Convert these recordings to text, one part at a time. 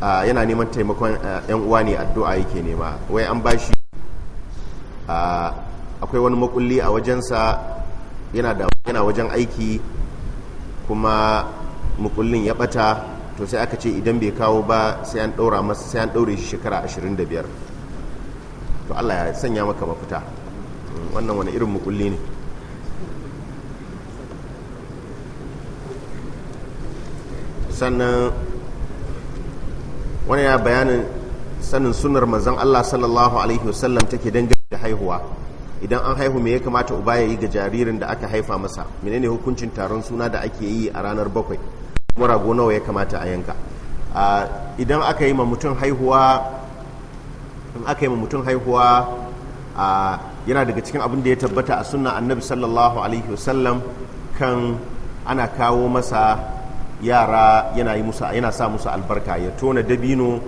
yana neman taimakon yan uwa ne addu'a yake nema wai an bashi akwai wani makulli a wajensa yana da yana wajen aiki kuma makullin ya bata to sai aka ce idan bai kawo ba sai an daura masa sai an daure shi shekara 25 to Allah ya sanya maka mafita wannan wani irin makulli ne sannan wani ya bayanin sanin sunar manzon Allah sallallahu alaihi wasallam take dangane da haihuwa idan an haihu me ya kamata uba ya yi ga jaririn da aka haifa masa menene hukuncin taron suna da ake yi a ranar bakwai kuma rago nawa ya kamata a yanka idan aka yi ma mutum haihuwa in yana daga cikin abin da ya tabbata a sunna annabi sallallahu alaihi wasallam kan ana kawo masa yara yana yi musu yana sa musu albarka ya tona dabino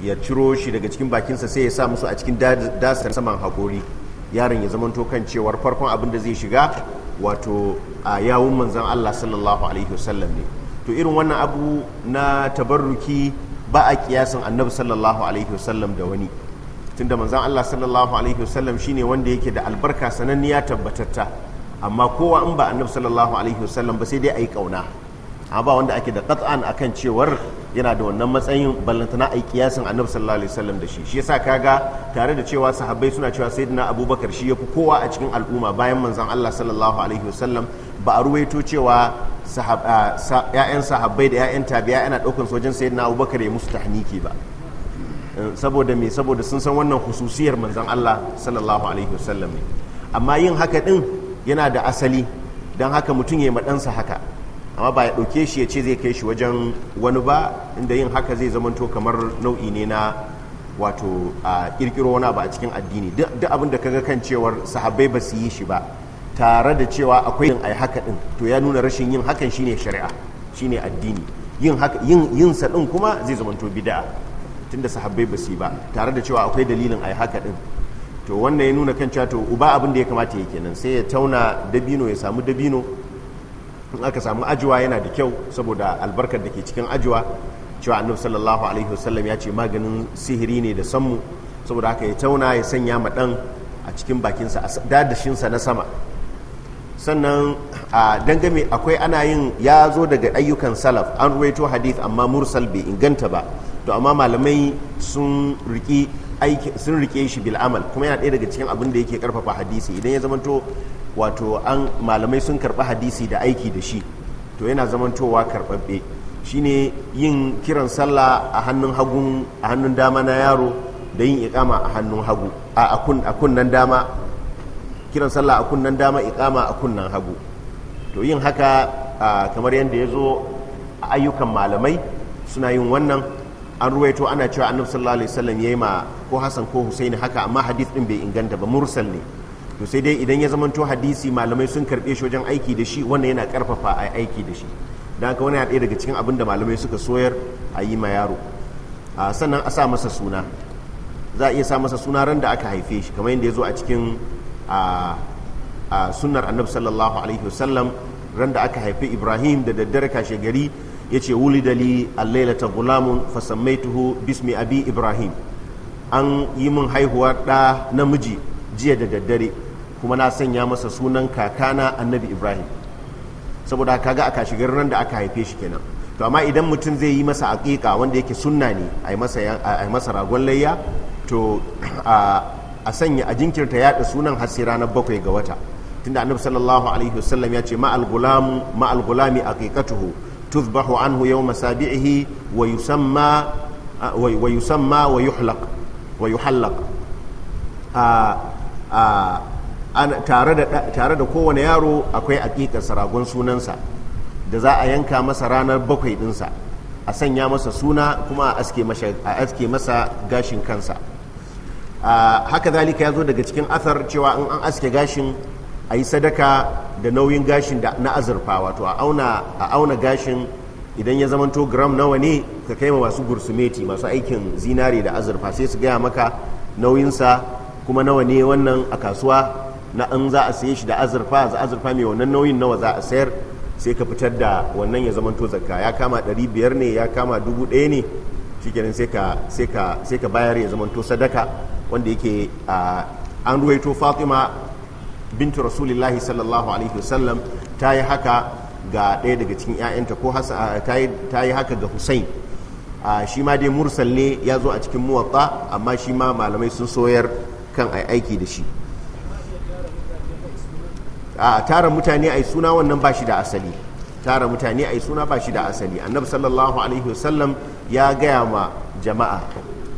ya ciro shi daga cikin bakinsa sai ya sa musu a cikin dasar saman hakori yaron ya zamanto kan cewar farkon abin da zai shiga wato a yawun manzan Allah sallallahu alaihi wasallam ne to irin wannan abu na tabarruki ba a kiyasin annabi sallallahu alaihi wasallam da wani tunda manzan Allah sallallahu alaihi wasallam shine wanda yake da albarka sananniya tabbatatta amma kowa in ba annabi sallallahu alaihi wasallam ba sai dai a yi kauna amma ba wanda ake da qat'an akan cewar yana da wannan matsayin ballantana ai kiyasin annabi sallallahu alaihi wasallam da shi shi yasa kaga tare da cewa sahabbai suna cewa sayyidina abubakar shi fi kowa a cikin al'umma bayan manzon Allah sallallahu alaihi wasallam ba a ruwaito cewa ya'yan sahabbai da ya'yan tabi'a yana daukan sojin sayyidina abubakar ya musu tahniki ba eh, saboda me saboda sun san wannan hususiyar manzon Allah sallallahu alaihi wasallam ne amma yin haka din yana da asali don haka mutum ya yi maɗansa haka amma ba ya ɗauke shi ya ce zai kai shi wajen wani ba inda yin haka zai zamanto kamar nau'i ne na wato a ƙirƙiro wani ba a cikin addini duk abin da kaga kan cewar sahabbai ba su yi shi ba tare da cewa akwai yin ai haka din to ya nuna rashin yin hakan shine shari'a shine addini yin haka yin yin sa din kuma zai zamanto bid'a tunda sahabbai ba su yi ba tare da cewa akwai dalilin ai haka din to wannan ya nuna kan cewa to uba abin da ya kamata yake nan sai ya tauna dabino ya samu dabino in aka samu ajiwa yana da kyau saboda albarkar da ke cikin ajiwa cewa annabi sallallahu alaihi wasallam ya ce maganin sihiri ne da sanmu saboda haka ya tauna ya sanya ma dan a cikin bakinsa a dadashinsa na sama sannan a dangame akwai ana yin ya zo daga ayyukan salaf an ruwaito hadith amma mursal bai inganta ba to amma malamai sun rike sun rike shi bil amal kuma yana ɗaya daga cikin abin da yake karfafa hadisi idan ya zamanto wato an malamai sun karɓi hadisi da aiki da shi to yana zamantowa karɓaɓɓe shine yin kiran sallah a hannun hagun a hannun dama na yaro da yin ikama a hannun hagu a kunnan dama kiran sallah a kunnan dama ikama a kunnan hagu to yin haka kamar yadda ya zo a ayyukan malamai suna yin wannan an ruwaito ana cewa annabi sallallahu alaihi wasallam yayi ma ko hasan ko Husaini haka amma hadith din bai inganta ba mursal ne to sai dai idan ya zamanto hadisi malamai sun karɓe shi wajen aiki da shi wannan yana karfafa a aiki da shi don haka wani ɗaya daga cikin abin da malamai suka soyar a yi ma yaro sannan a sa masa suna za a iya sa masa suna ran da aka haife shi kamar yadda ya zo a cikin sunnar annabi sallallahu alaihi wasallam ran da aka haife ibrahim da daddare kashe gari ya ce wuli dali allailata gulamun fasammaituhu bismi abi ibrahim an yi min haihuwar ɗa namiji jiya da daddare kuma na sanya masa sunan kakana annabi ibrahim saboda kaga a kashigar nan da aka haife shi kenan to amma idan mutum zai yi masa aƙiƙa wanda yake sunna ne a yi masa ragon layya to a sanya a jinkirta yaɗa sunan har ranar bakwai ga wata tunda annabi sallallahu alaihi wasallam ya ce ma'al gulam ma'al gulami aqiqatuhu tuzbahu anhu yawma sabi'ihi wa yusamma wa yusamma wa yuhlaq wa yuhallaq a tare da kowane yaro akwai aƙiƙarsa saragon sunansa da za a yanka masa ranar bakwai ɗinsa a sanya masa suna kuma a aske masa gashin kansa haka zalika ya zo daga cikin athar cewa in an aske gashin a yi sadaka da nauyin gashin da na azurfa wato a auna gashin idan ya zamanto gram nawa ne ka kai masu gursumeti masu aikin zinare da azurfa sai su gaya maka nauyinsa kuma nawa ne wannan a kasuwa na an za a saye shi da azurfa za azurfa mai wannan nauyin nawa za a sayar sai ka fitar da wannan ya zama to zakka ya kama 500 ne ya kama 1000 ne cikin sai ka sai ka sai ka bayar ya zama to sadaka wanda yake an ruwaito Fatima bintu Rasulullahi sallallahu alaihi wasallam ta yi haka ga ɗaya daga cikin ƴaƴanta ko ta yi haka ga Hussein shi ma dai mursal ne ya zo a cikin muwatta amma shi ma malamai sun soyar kan ai aiki da shi a tara mutane a yi suna wannan ba shi da asali tara mutane a yi suna ba shi da asali annabi sallallahu alaihi wasallam ya gaya ma jama'a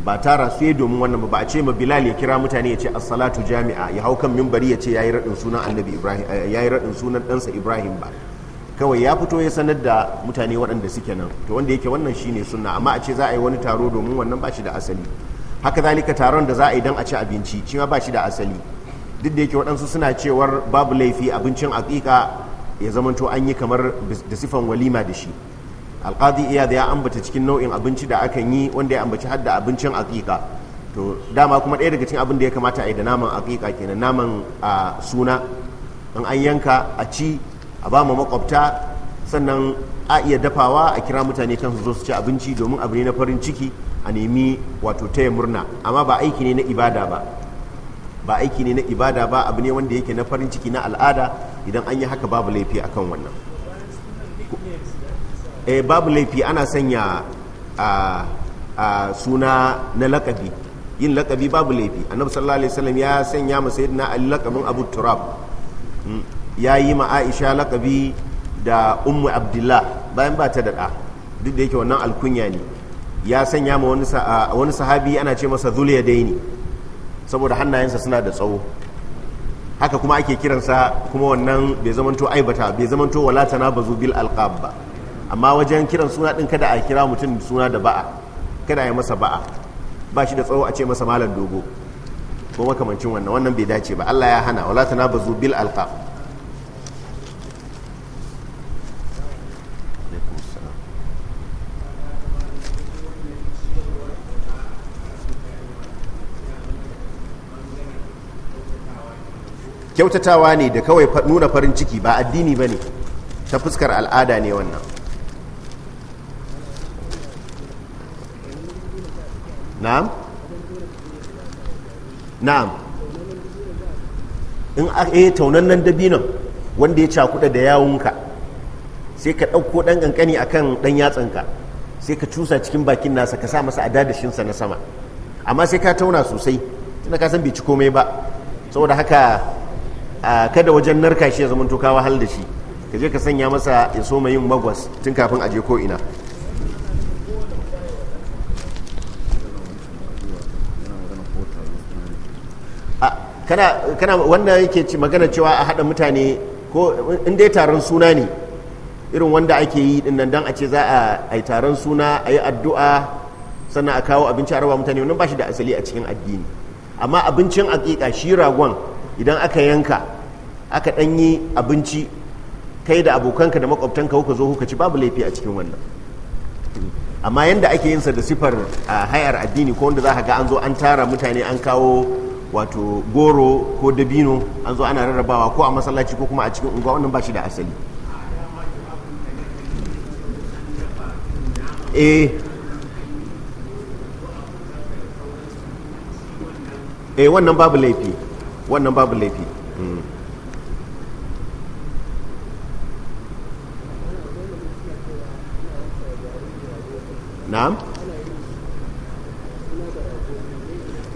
ba tara su domin wannan ba a ce ma bilal ya kira mutane ya ce assalatu jami'a ya hau kan mimbari ya ce yayi radin sunan annabi ibrahim eh, yayi raɗin sunan ɗansa ibrahim ba kawai ya fito ya sanar da mutane waɗanda suke nan to wanda yake wannan shine sunna amma a ce za a yi wani taro domin wannan ba shi da asali haka zalika taron da za a yi don a ci abinci shi ma ba shi da asali duk da yake waɗansu suna cewar babu laifi abincin aƙiƙa ya zamanto an yi kamar da sifan walima da shi alƙadi iya da ya ambata cikin nau'in abinci da akan yi wanda ya ambaci hadda abincin aƙiƙa to dama kuma ɗaya daga cikin abin da ya kamata a yi da naman aƙiƙa kenan naman a suna in an yanka a ci a ba ma makwabta sannan a iya dafawa a kira mutane kan su zo su ci abinci domin abu ne na farin ciki a nemi wato taya murna amma ba aiki ne na ibada ba ba aiki ne na ibada ba abu ne wanda yake na farin ciki na al'ada idan an yi haka babu laifi akan wannan eh, babu laifi ana sanya a suna na lakabi yin lakabi babu laifi annabi sallallahu alaihi wasallam ya sanya masa sayyidina ali lakabin abu turab hmm. ya yi ma aisha lakabi da ummu abdullah bayan ba ta daɗa duk da yake wannan alkunya ne ya sanya ma wani sahabi ana ce masa zuliyadaini saboda hannayensa suna da tsawo haka kuma ake kiransa kuma wannan bai zamanto aibata bai zamanto wala ba bil alqab ba amma wajen kiran suna din kada a kira mutum suna da ba'a kada a yi masa ba'a ba shi da tsawo a ce masa malam dogo ko makamancin wannan wannan bai dace ba Allah ya hana wala tanabazu bil alqab kyautatawa ne da kawai nuna farin ciki ba addini ba ne ta fuskar al'ada ne wannan na'am na'am in a eh taunannan dabinan wanda ya cakuɗa da yawunka sai ka ɗauko ɗan ƙanƙani a kan ɗan yatsanka sai ka cusa cikin bakin nasa ka sa masa a dadashinsa na sama amma sai ka tauna sosai tunda ka san bai ci komai ba saboda haka kada wajen narka shi ya zama to ka wahal da shi ka je ka sanya masa ya so mai yin magwas tun kafin aje ko ina kana wanda yake ci magana cewa a haɗa mutane ko in dai taron suna ne irin wanda ake yi nan dan a ce za a yi taron suna a yi addu'a sannan a kawo abinci a raba mutane wannan ba shi da asali a cikin addini amma abincin aƙiƙa shi ragon idan aka yanka aka yi abinci kai da abokanka da makwabtanka kuka zo kuka ci babu laifi a cikin wannan amma yanda ake yinsa da sifar a hayar addini ko wanda za ka ga an zo an tara mutane an kawo wato goro ko dabino an zo ana rarrabawa ko a masallaci ko kuma a cikin unguwa wannan ba shi da asali eh eh wannan babu laifi wannan babu laifi hmm. na'am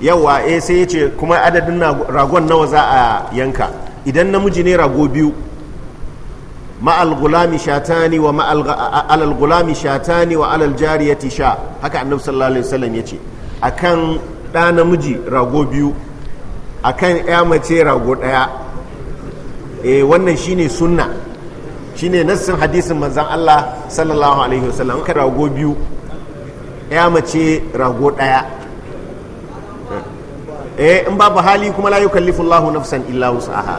yawa eh sai ya ce kuma adadin ragon nawa za a yanka idan namiji ne rago biyu ma'al gulami shatani wa ma'al gulami shatani wa alal ya sha haka annabi sallallahu alaihi wasallam a akan ɗa namiji rago biyu akan ya mace rago ɗaya e wannan shine sunna shine nassin hadisin manzan Allah sallallahu alaihi wasallam ka rago biyu ya mace rago ɗaya eh in babu hali kuma la yukallifu Allahu nafsan illa wus'aha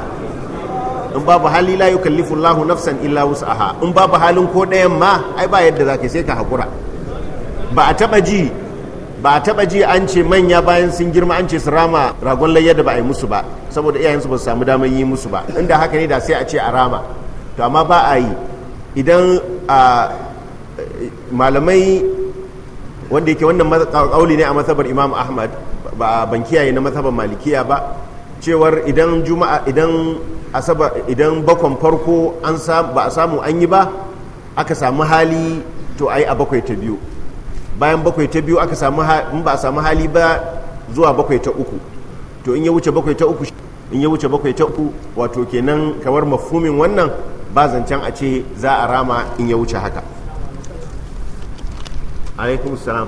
in babu hali la yukallifu Allahu nafsan illa wus'aha in babu halin ko ɗayan ma ai ba yadda zaka sai ka hakura ba a taba ji ba a taba ji an ce manya bayan sun girma an ce su rama ragon layya da ba a yi musu ba saboda iyayensu ba su samu damar yi musu ba inda haka ne da sai a ce a rama to amma ba a yi idan malamai wanda yake wannan kauli ne a masabar imam ahmad ba ban kiyaye na masabar malikiya ba cewar idan juma'a idan asaba idan bakon farko an ba a samu an yi ba aka samu hali to ai a bakwai ta biyu bayan bakwai ta biyu aka samu in ba a samu hali ba zuwa bakwai ta uku to in ya wuce bakwai ta uku in ya wuce bakwai ta uku wato kenan kamar mafhumin wannan ba zancen a ce za a rama in ya wuce haka alaikum salam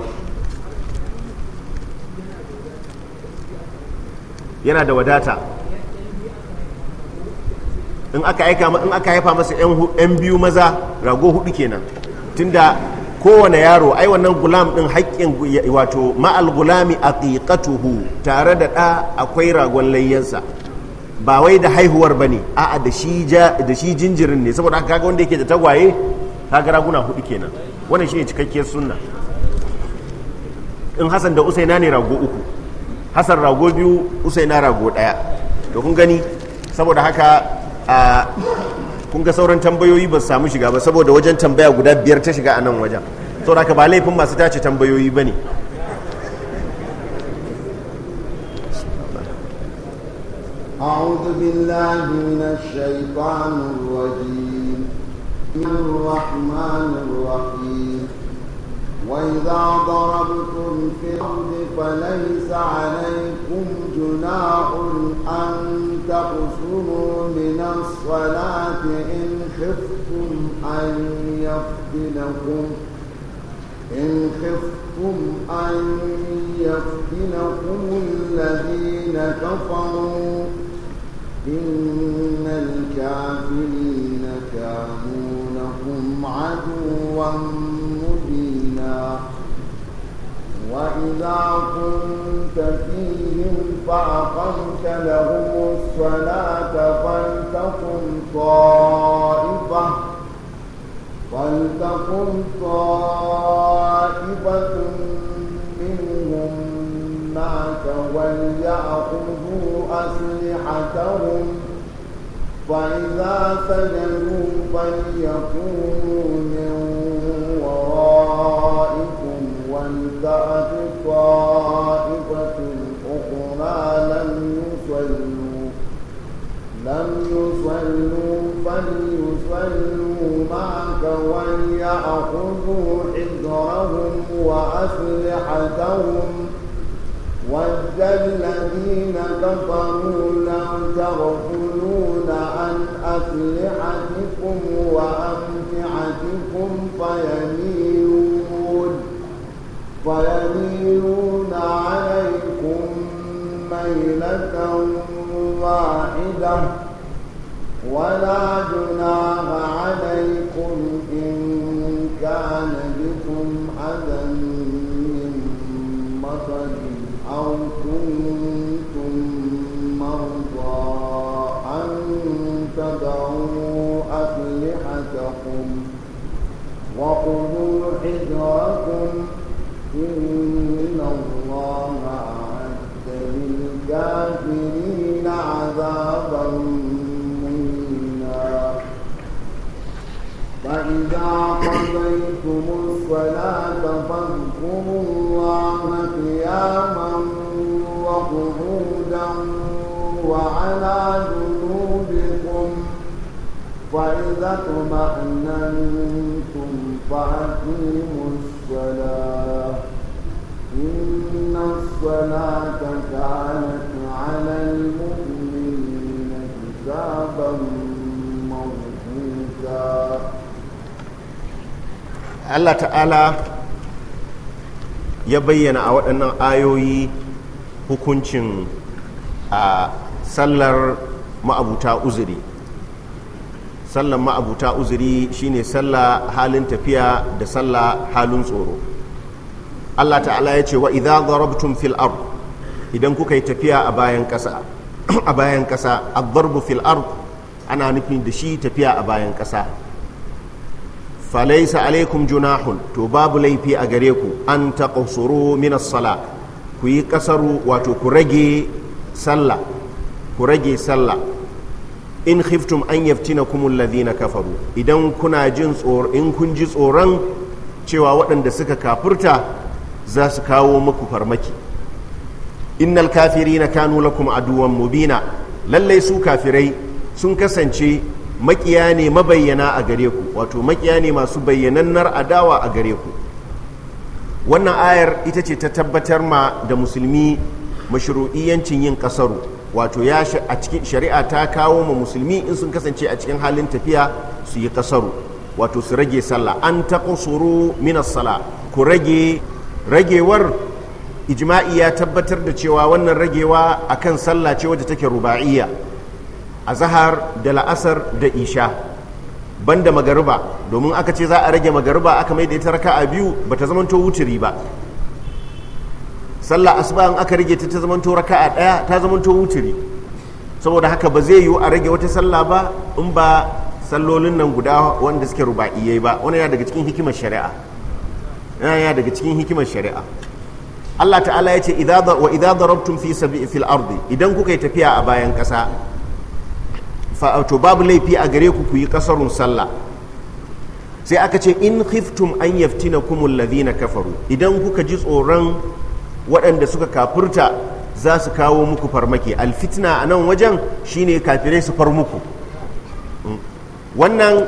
yana da wadata in aka aika in aka haifa masa yan biyu maza rago hudu kenan tunda kowane yaro ai wannan gulam din haƙƙin wato ma'al gulami aqiqatuhu tare da ɗa akwai ragon layyansa ba wai da haihuwar bane a'a da shi da shi jinjirin ne saboda haka kaga wanda yake da tagwaye kaga raguna hudu kenan wannan shine cikakkiyar sunna in hasan da usaina ne rago uku hasan rago biyu usaina rago daya to kun gani saboda haka a kun ga sauran tambayoyi ba su samu shiga ba saboda wajen tambaya guda biyar ta shiga a nan wajen saboda haka ba laifin masu tace tambayoyi ba ne أعوذ بالله من الشيطان الرجيم الرحمن الرحيم وإذا ضربتم في الأرض فليس عليكم جناح أن تقصروا من الصلاة إن خفتم أن يفتنكم إن خفتم أن يفتنكم الذين كفروا إن الكافرين كانوا لكم عدوا مبينا وإذا كنت فيهم فأقمت لهم الصلاة فلتقم طائفة فلتقم طائفة منهم معك وليأخذوا أسلحتهم فإذا سجدوا فليكونوا من ورائكم ولتأت طائفة أخرى لم يصلوا لم يصلوا فليصلوا معك وليأخذوا حذرهم وأسلحتهم ود الذين كفروا لو تغفلون عن أسلحتكم وأمتعتكم فيميلون فيميلون عليكم ميلة واحدة ولا جناح عليكم وخذوا حذركم إن الله أعد للكافرين عذابا مهينا فإذا قضيتم الصلاة فاذكروا الله قياما وقعودا وعلى جنوبكم فإذا اطمأننتم فأقيموا الصلاة إن الصلاة كانت على المؤمنين كتابا موقوتا الله تعالى ya bayyana a waɗannan ayoyi hukuncin a sallar ma'abuta uzuri sallan ma'abuta uzuri shine sallah halin tafiya da sallah halin tsoro Allah ta'ala ya ce wa idza darabtum fil ard idan kuka yi tafiya a bayan ƙasa a bayan ad-darbu fil ard ana nufin da shi tafiya a bayan ƙasa falaisa alaikum junahun to babu laifi a gare ku an taqsuru min as-sala ku yi kasaru wato ku rage sallah ku rage sallah in khiftum an yaftina kumul na kafaru idan kuna jin tsoro in kun ji tsoron cewa waɗanda suka kafurta za su kawo muku farmaki innal kafirina kanu lakum aduwan mubina lallai su kafirai sun kasance makiya ne mabayyana a gare ku wato makiya ne masu bayyanannar adawa a gare ku wannan ayar ita ce ta tabbatar ma da musulmi mashru'iyyancin yin kasaru wato ya a cikin shari'a ta kawo ma musulmi in sun kasance a cikin halin tafiya su yi kasaru wato su rage sallah an ta tsoro minas sala ku rage ragewar ijma'i ya tabbatar da cewa wannan ragewa akan sallah ce wadda take ruba'iyya a da la'asar da isha banda magariba domin aka ce za a rage magariba aka mai da ita raka'a biyu bata zamanto wuturi ba sallah asuba in aka rage ta ta to raka'a daya ta to wuturi saboda haka ba zai yiwu a rage wata sallah ba in ba sallolin nan guda wanda suke ruba'iyai ba wani yana daga cikin hikimar shari'a yana daga cikin hikimar shari'a Allah ta'ala ya ce wa idza darabtum fi sabi'i fil ardi idan kuka yi tafiya a bayan kasa fa to babu laifi a gare ku ku yi kasarun sallah sai aka ce in khiftum an yaftinakum alladhina kafaru idan kuka ji tsoron waɗanda suka kafurta za su kawo muku farmaki alfitna a nan wajen shine kafirai su far muku mm. wannan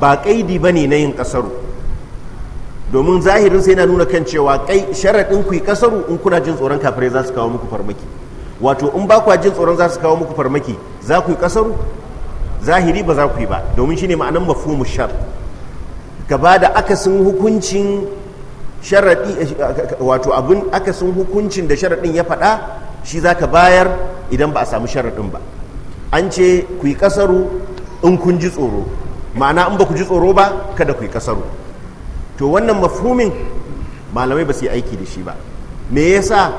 ba ƙaidi ba ne na yin ƙasaru domin zahirin sai na nuna kan cewa kai sharaɗin ku yi ƙasaru in kuna jin tsoron kafirai za su kawo muku farmaki wato in ba kwa jin tsoron za su kawo muku farmaki za ku yi ƙasaru zahiri ba za ku yi ba domin shine ma'anan mafhumu shar gaba da akasin hukuncin sharaɗi wato abin aka akasin hukuncin da sharaɗin ya faɗa shi za ka bayar idan ba a samu sharaɗin ba an ce ku yi ƙasaru in kun ji tsoro ma'ana in ba ku ji tsoro ba kada ku yi ƙasaru to wannan mafumin malamai ba su yi aiki da shi ba me yasa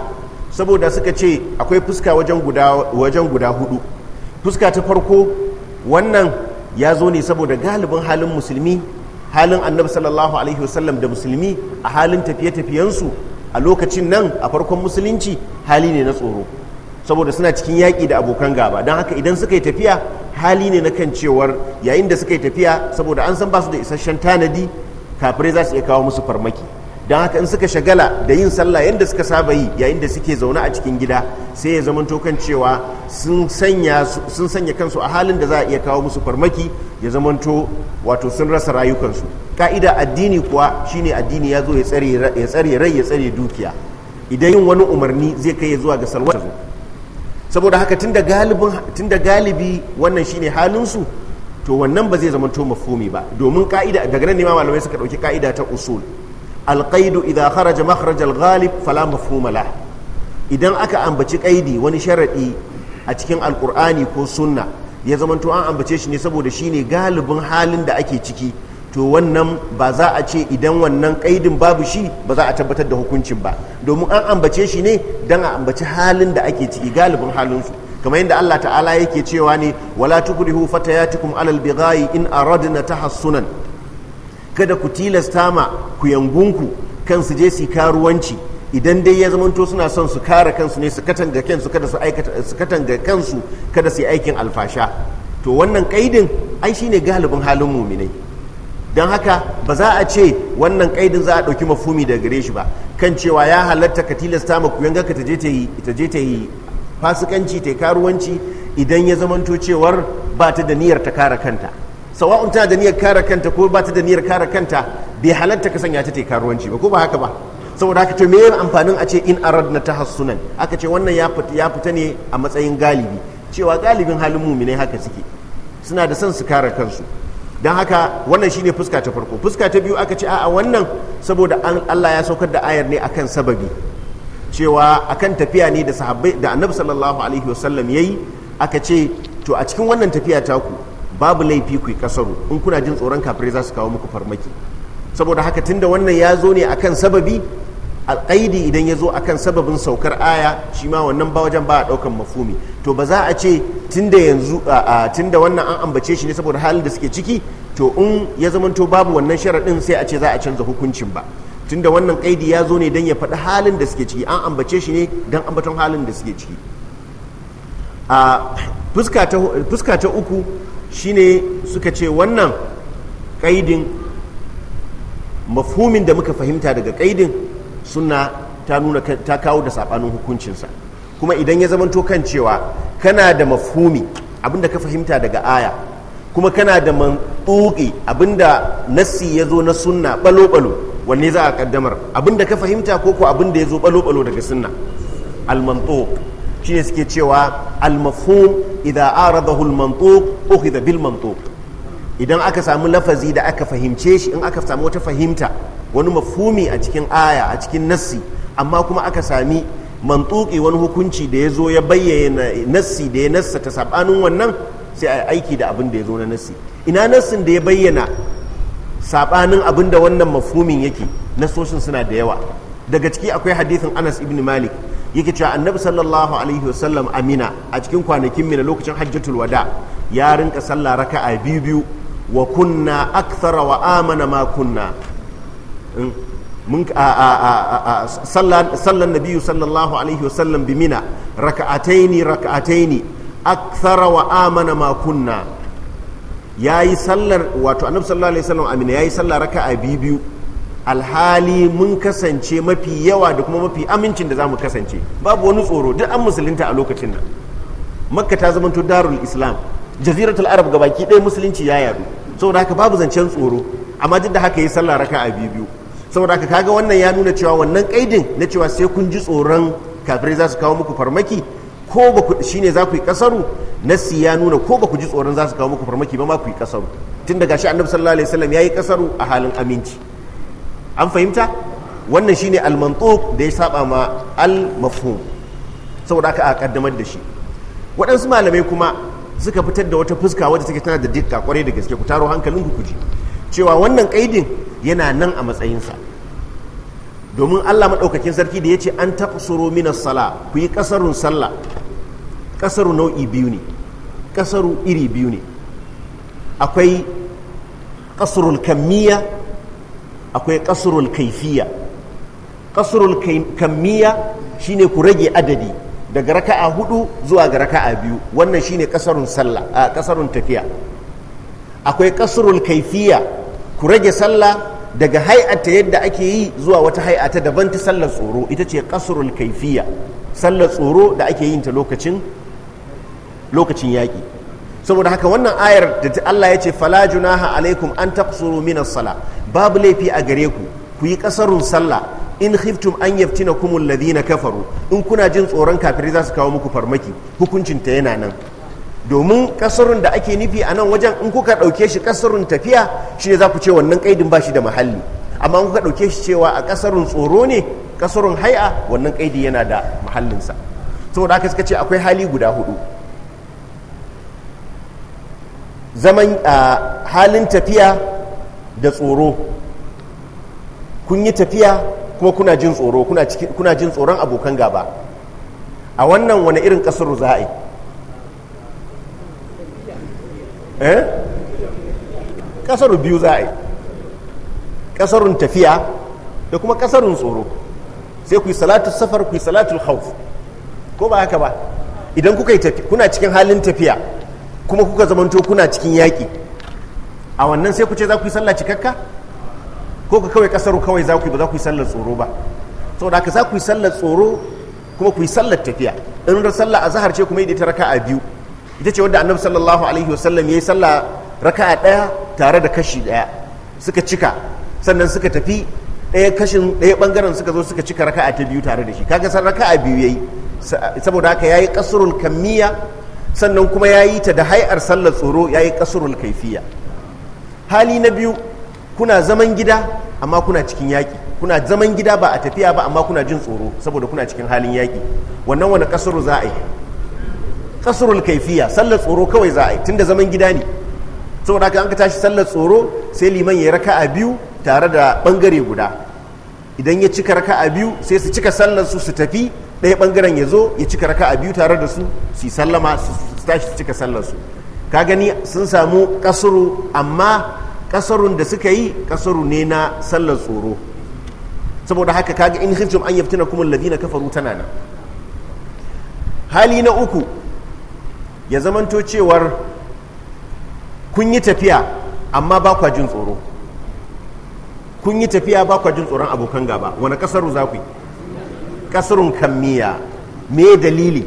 saboda suka ce akwai fuska wajen guda wajen guda hudu fuska ta farko wannan ya zo ne saboda galibin halin musulmi halin annabi sallallahu alaihi wasallam da musulmi a halin tafiye-tafiyensu a lokacin nan a farkon musulunci hali ne na tsoro saboda suna cikin yaƙi da abokan gaba don haka idan suka yi tafiya hali ne na kan cewar yayin da suka yi tafiya saboda an san basu da isasshen tanadi kafirai za su iya kawo musu farmaki don haka in suka shagala da yin sallah yadda suka saba yi yayin da suke zaune a cikin gida sai ya zama tokan cewa sun sanya kansu a halin da za a iya kawo musu farmaki ya zama to wato sun rasa rayukansu ka'ida addini kuwa shine addini ya zo ya tsare rai ya tsare dukiya idan yin wani umarni zai kai zuwa ga salwa saboda haka tun da galibi wannan shine halinsu to wannan ba zai zama to mafumi ba domin ka'ida daga nan ne ma malamai suka ɗauki ka'ida ta usul alƙaidu idan kharaja makharajal galib fala mafhuma idan aka ambaci kaidi wani sharaɗi a cikin alƙur'ani ko sunna ya zamanto an ambace shi saboda shi ne galibin halin da ake ciki to wannan ba za a ce idan wannan kaidin babu shi ba za a tabbatar da hukuncin ba domin an ambace shi ne don a ambaci halin da ake ciki galibin halinsu kamar yadda Allah ta'ala yake cewa ne wala tukrihu fatayatikum alal bighayi in ta tahassunan kada ku tilasta ma ku yangunku kan su je su karuwanci idan dai ya zamanto suna son su kare kansu ne su katanga kansu kada su aikata su katanga kansu kada su yi aikin alfasha to wannan kaidin ai shine galibin halin muminai don haka ba za a ce wannan kaidin za a ɗauki mafumi daga gare shi ba kan cewa ya halatta ka tilasta ma ku yanga ka ta je ta yi ta ta yi fasikanci ta karuwanci idan ya zamanto cewar ba ta da niyyar ta kare kanta sawa'un tana da niyyar kare kanta ko ba ta da niyyar kare kanta bai halatta ka sanya ta ta karuwanci ba ko ba haka ba saboda haka to me yin amfanin a ce in na ta hasunan aka ce wannan ya fita ne a matsayin galibi cewa galibin halin muminai haka suke suna da son su kare kansu don haka wannan shine fuska ta farko fuska ta biyu aka ce a wannan saboda Allah ya saukar da ayar ne akan sababi cewa akan tafiya ne da sahabbai da annabi sallallahu alaihi wasallam yayi aka ce to a cikin wannan tafiya taku babu laifi ku yi kasaru in kuna jin tsoron kafirai za su kawo muku farmaki saboda haka tunda wannan ya zo ne akan sababi alƙaidi idan ya zo akan sababin saukar aya shi ma wannan ba wajen ba a ɗaukan mafumi to ba za a ce tunda yanzu tunda wannan an ambace shi ne saboda halin da suke ciki to in ya zamanto babu wannan sharaɗin sai a ce za a canza hukuncin ba tunda wannan ƙaidi ya zo ne don ya faɗi halin da suke ciki an ambace shi ne don ambaton halin da suke ciki a fuska ta uku shine suka ce wannan ƙaidin mafumin da muka fahimta daga ƙaidin suna ta nuna ta kawo da saɓanin hukuncinsa kuma idan ya zamanto kan cewa kana da mafumi abinda ka fahimta daga aya kuma kana da mantuki abinda nassi ya zo na sunna balo-balo wanne za a kaddamar abinda ka fahimta ko abinda ya zo balo-balo daga sunna al-mantuq shi ne suke cewa al-mafhum idan aradahu al-mantuq ukhidha bil mantuq idan aka samu lafazi da aka fahimce shi in aka samu wata fahimta wani mafhumi a cikin aya a cikin nassi amma kuma aka sami mantuki wani hukunci da ya zo ya bayyana nassi da ya nassa ta sabanin wannan sai a aiki da abin da ya zo na nassi ina nassin da ya bayyana sabanin abin da wannan mafhumin yake nassoshin suna da yawa daga ciki akwai hadithin anas ibn malik yake cewa annabi sallallahu alaihi wasallam amina a cikin kwanakin mina lokacin hajjatul wada ya rinka sallah raka'a biyu biyu wa kunna akthara wa amana ma kunna mun sallan nabi sallallahu alaihi wasallam bi mina raka'ataini raka'ataini akthara wa amana ma kunna yayi sallar wato annabi sallallahu alaihi wasallam amina yayi sallah raka'a biyu biyu alhali mun kasance mafi yawa da kuma mafi amincin da za mu kasance babu wani tsoro duk an musulunta a lokacin nan makka ta zama to darul islam jaziratul arab baki ɗaya musulunci ya yadu saboda haka babu zancen tsoro amma duk da haka yi sallah raka a biyu biyu saboda haka kaga wannan ya nuna cewa wannan kaidin na cewa sai kun ji tsoron kafirai za su kawo muku farmaki ko ba ku shine za ku yi kasaru nasi ya nuna ko ba ku ji tsoron za su kawo muku farmaki ba ma ku yi kasaru tun daga shi annabi sallallahu alaihi wasallam yayi kasaru a halin aminci an fahimta wannan shine ne da ya saba ma al saboda aka a kaddamar da shi waɗansu malamai kuma suka fitar da wata fuska wadda take tana da dikka kwarai da gaske ku taro hankalin ku kuji cewa wannan kaidin yana nan a matsayinsa domin Allah maɗaukakin sarki da ya ce an taqsuru minas sala ku yi kasarun sallah kasaru nau'i biyu ne kasaru iri biyu ne akwai kasurul kammiya akwai ƙasurul kaifiya ƙasurul kammiya shine ku rage adadi daga raka'a hudu zuwa ga raka'a biyu wannan shine ƙasarun sallah ƙasarun tafiya akwai ƙasurul kaifiya ku rage sallah daga hai'ata yadda ake yi zuwa wata hai'ata daban ta sallar tsoro ita ce ƙasurul kaifiya sallar tsoro da ake yin ta lokacin yaƙi saboda haka wannan ayar da Allah ya ce fala junaha alaikum an taqsuru minas sala babu laifi a gare ku ku yi kasarun sallah in khiftum an yaftina kumul ladina kafaru in kuna jin tsoron kafirai za su kawo muku farmaki hukuncin ta yana nan domin kasarun da ake nufi a nan wajen in kuka dauke shi kasarun tafiya shine za ku ce wannan kaidin ba shi da muhalli amma in kuka dauke shi cewa a kasarun tsoro ne kasarun hai'a wannan kaidi yana da muhallin sa saboda haka suka ce akwai hali guda hudu zaman ah, halin tafiya da tsoro kun yi tafiya kuma kuna jin tsoro kuna jin tsoron abokan gaba a wannan wani irin kasar za a yi kasar eh? biyu za a yi kasarun tafiya da kuma kasarun tsoro sai ku yi salatu safar ku yi salatu hauf ko ba haka ba idan kuna cikin halin tafiya kuma kuka zamanto kuna cikin yaƙi a wannan sai ku ce za ku yi sallah cikakka ko ka kawai kasar kawai za ku yi ba za ku yi sallar tsoro ba saboda haka za ku yi sallar tsoro kuma ku yi sallar tafiya in da sallah azhar ce kuma yi ta raka'a biyu ita ce wadda annabi sallallahu alaihi wasallam yayi sallah raka'a daya tare da kashi daya suka cika sannan suka tafi daya kashin daya bangaren suka zo suka cika raka'a ta biyu tare da shi kaga san raka'a biyu yayi saboda haka yayi kasrul kammiya sannan kuma yayi ta da hay'ar sallar tsoro yayi kasrul kaifiya hali na biyu kuna zaman gida amma kuna cikin yaƙi kuna zaman gida ba a tafiya ba amma kuna jin tsoro saboda kuna cikin halin yaƙi wannan wani kasuru za a yi kasurul kaifiya sallar tsoro kawai za a yi tunda zaman gida ne saboda haka an ka tashi sallar tsoro sai liman ya raka a biyu tare da bangare guda idan ya cika raka a biyu sai su cika sallar su su tafi ɗaya bangaren ya zo ya cika raka a biyu tare da su su sallama su tashi su cika sallar su ka gani sun samu kasuru amma kasarun da suka yi kasaru ne na sallar tsoro saboda haka kaga in khiftum an yaftina kuma alladhina kafaru tana nan hali na uku ya zamanto cewar kun yi tafiya amma ba kwa jin tsoro kun yi tafiya ba kwa jin tsoron abokan gaba wani kasaru za ku yi kasarun kammiya me dalili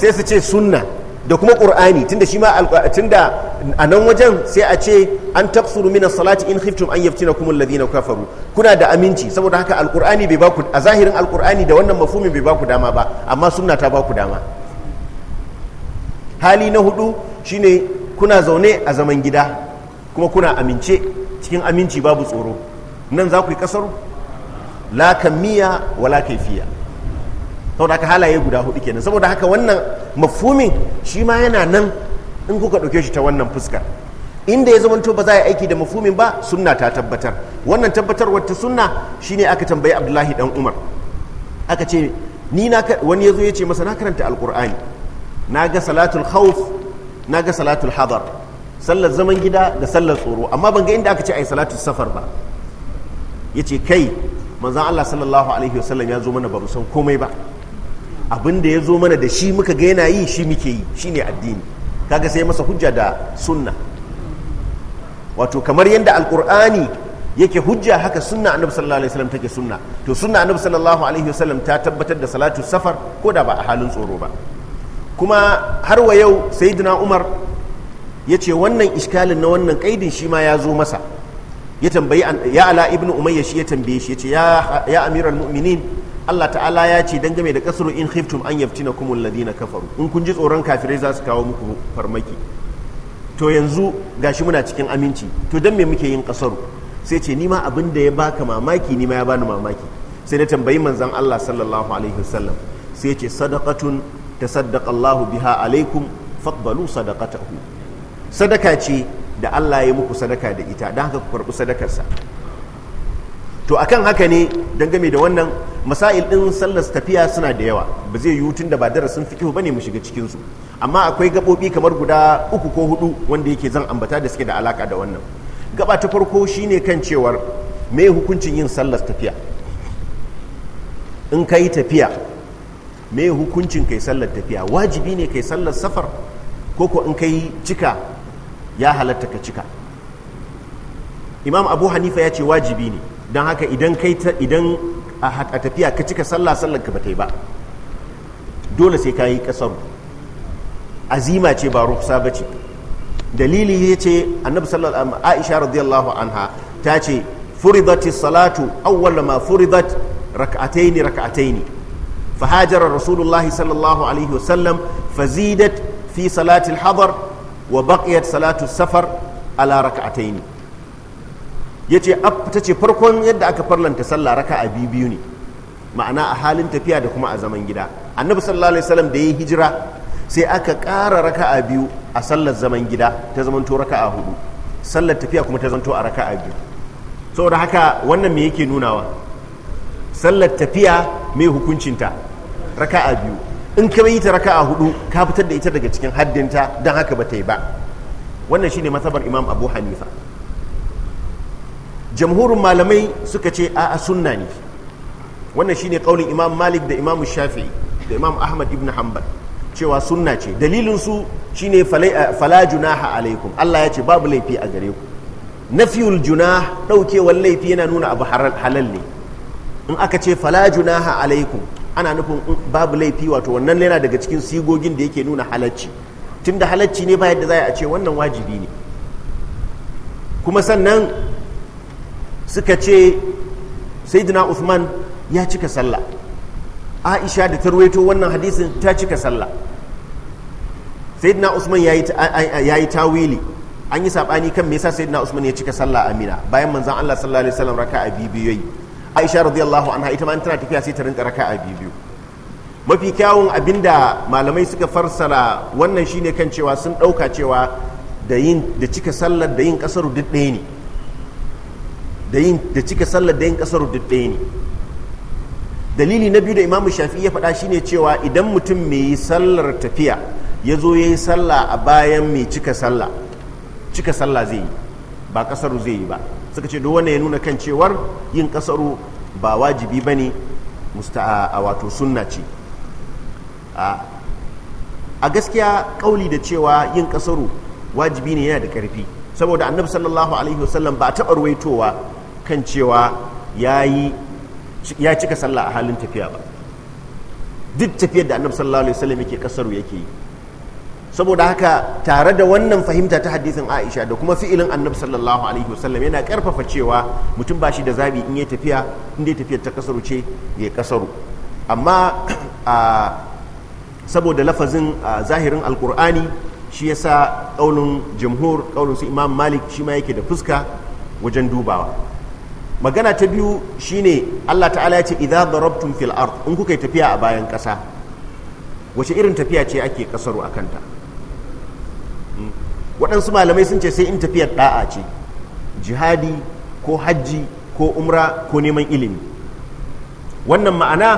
sai su ce sunna da kuma qur'ani tunda shi ma tunda a nan wajen sai a ce an tafsiru min salati in khiftum an yaftinakum ladina kafaru kuna da aminci saboda haka alqur'ani bai baku a zahirin alqur'ani da wannan mafhumin bai baku dama ba amma sunna ta baku dama hali na hudu shine kuna zaune a zaman gida kuma kuna amince cikin aminci babu tsoro nan za ku yi kasar la kammiya wala kaifiya saboda haka halaye guda hudu kenan saboda haka wannan mafumin shi ma yana nan in kuka ɗauke shi ta wannan fuskar inda ya zamanto ba za a yi aiki da mafumin ba sunna ta tabbatar wannan tabbatar wata sunna shine aka tambayi abdullahi dan umar aka ce ni na wani yazo ya ce masa na karanta alqur'ani na ga salatul khawf na ga salatul hadar sallar zaman gida da sallar tsoro amma ban ga inda aka ce ai salatul safar ba yace kai manzon Allah sallallahu alaihi wasallam ya zo mana ba mu san komai ba abin da ya zo mana da shi muka ga yana yi shi muke yi shi ne addini kaga sai masa hujja da sunna wato kamar yadda alkur'ani yake hujja haka sunna annabi sallallahu alaihi wasallam take sunna to sunna annabi sallallahu alaihi wasallam ta tabbatar da salatu safar ko da ba a halin tsoro ba kuma har wa yau sayyidina umar ya ce wannan iskalin na wannan kaidin shi ma ya zo masa ya tambayi ya ala ibnu umayya shi ya tambaye shi ya ce ya amiral mu'minin Allah ta'ala ya ce dangame da kasar in khiftum an kumul ladina kafaru in kun ji tsoron kafirai za su kawo muku farmaki to yanzu gashi muna cikin aminci to dan me muke yin kasaru sai ce ni abin da ya baka mamaki ni ma ya bani mamaki sai na tambayi manzon Allah sallallahu alaihi wasallam sai ce sadaqatun tasaddaqa Allah biha alaikum faqbalu sadaqatahu sadaka ce da Allah ya muku sadaka da ita dan haka ku karbi sadakarsa to akan haka ne game da wannan masail din sallar tafiya suna da yawa ba zai yi tun da ba darasin ba bane mu shiga cikin su amma akwai gabobi kamar guda uku ko hudu wanda yake zan ambata da suke da alaka da wannan gaba ta farko shine kan cewar me hukuncin yin sallar tafiya in kai tafiya me hukuncin kai sallar tafiya wajibi ne kai sallar safar ko ko in kai cika ya halatta ka cika imam abu hanifa ya ce wajibi ne don haka idan kai ta idan a tafiya ka cika sallah sallar ka ba ta yi ba dole sai ka yi kasaru azima ce ba ruhsa ba ce dalili ya ce annabi sallallahu aisha radiyallahu anha ta ce furidat salatu awwal ma furidat rak'ataini rak'ataini fa hajara rasulullahi sallallahu alaihi wasallam fazidat fi salati al-hadar wa baqiyat salatu safar ala rak'ataini ya ce ta ce farkon yadda aka farlanta sallah raka a biyu biyu ne ma'ana a halin tafiya da kuma a zaman gida annabi sallallahu alaihi wasallam da ya yi hijira sai aka ƙara raka a biyu a sallar zaman gida ta zamanto raka a hudu sallar tafiya kuma ta zanto a raka a biyu saboda haka wannan me yake nunawa sallar tafiya mai hukuncinta raka a biyu in ka yi ta raka a hudu ka fitar da ita daga cikin haddinta don haka ba ta yi ba wannan shine masabar imam abu hanifa jamhurin malamai suka ce a sunna ne wannan shine kaulin imam malik da imam shafi da imam ahmad ibn hanbal cewa sunna ce dalilin su shine fala junaha alaikum Allah ya ce babu laifi a gare ku nafiyul junah daukewar laifi yana nuna abu halal ne in aka ce fala junaha alaikum ana nufin babu laifi wato wannan yana daga cikin sigogin da yake nuna halacci tunda halacci ne ba yadda za a ce wannan wajibi ne kuma sannan suka ce sayyidina Uthman ya cika sallah Aisha da tarwaito wannan hadisin ta cika sallah sayyidina Usman ya yi tawili an yi saɓani kan me yasa sayyidina Usman ya cika sallah Amina bayan manzon Allah sallallahu alaihi wasallam raka'a biyu Aisha radiyallahu anha ita ma tana tafiya sai ta rinka raka'a biyu mafi kyawun abin da malamai suka farsara wannan shine kan cewa sun ɗauka cewa da yin da cika sallar da yin kasar duk ɗaya ne da cika sallar da yin kasar ɗaya ne dalili na biyu da imamu shafi ya faɗa shine cewa idan mutum mai yi sallar tafiya ya zo ya yi sallah a bayan mai cika sallah cika sallah zai yi ba kasaru zai yi ba suka ce duk ya nuna kan cewar yin kasaru ba wajibi ba ne a wato sunna ce a gaskiya kauli da cewa yin kasaru wajibi ne yana da karfi saboda annabi sallallahu alaihi wasallam ba a taɓa ruwaitowa kan cewa ya cika sallah a halin tafiya ba duk tafiyar da annabi sallallahu alaihi wasallam yake kasaru yake yi saboda haka tare da wannan fahimta ta hadisin Aisha da kuma fi'ilin annabi sallallahu alaihi wasallam yana karfafa cewa mutum ba shi da zabi in ya tafiya in dai tafiyar ta kasaru ce ya kasaru amma a saboda lafazin zahirin alkur'ani shi yasa kaulin jamhur kaulin su imam malik shi ma yake da fuska wajen dubawa magana ta biyu shine Allah ta'ala ya ce idza darabtum fil ard in kuka tafiya a bayan kasa wace irin tafiya ce ake kasaru a kanta hmm. waɗansu malamai sun ce sai in tafiyar ɗa'a ce jihadi ko hajji ko umra ko neman ilimi wannan ma'ana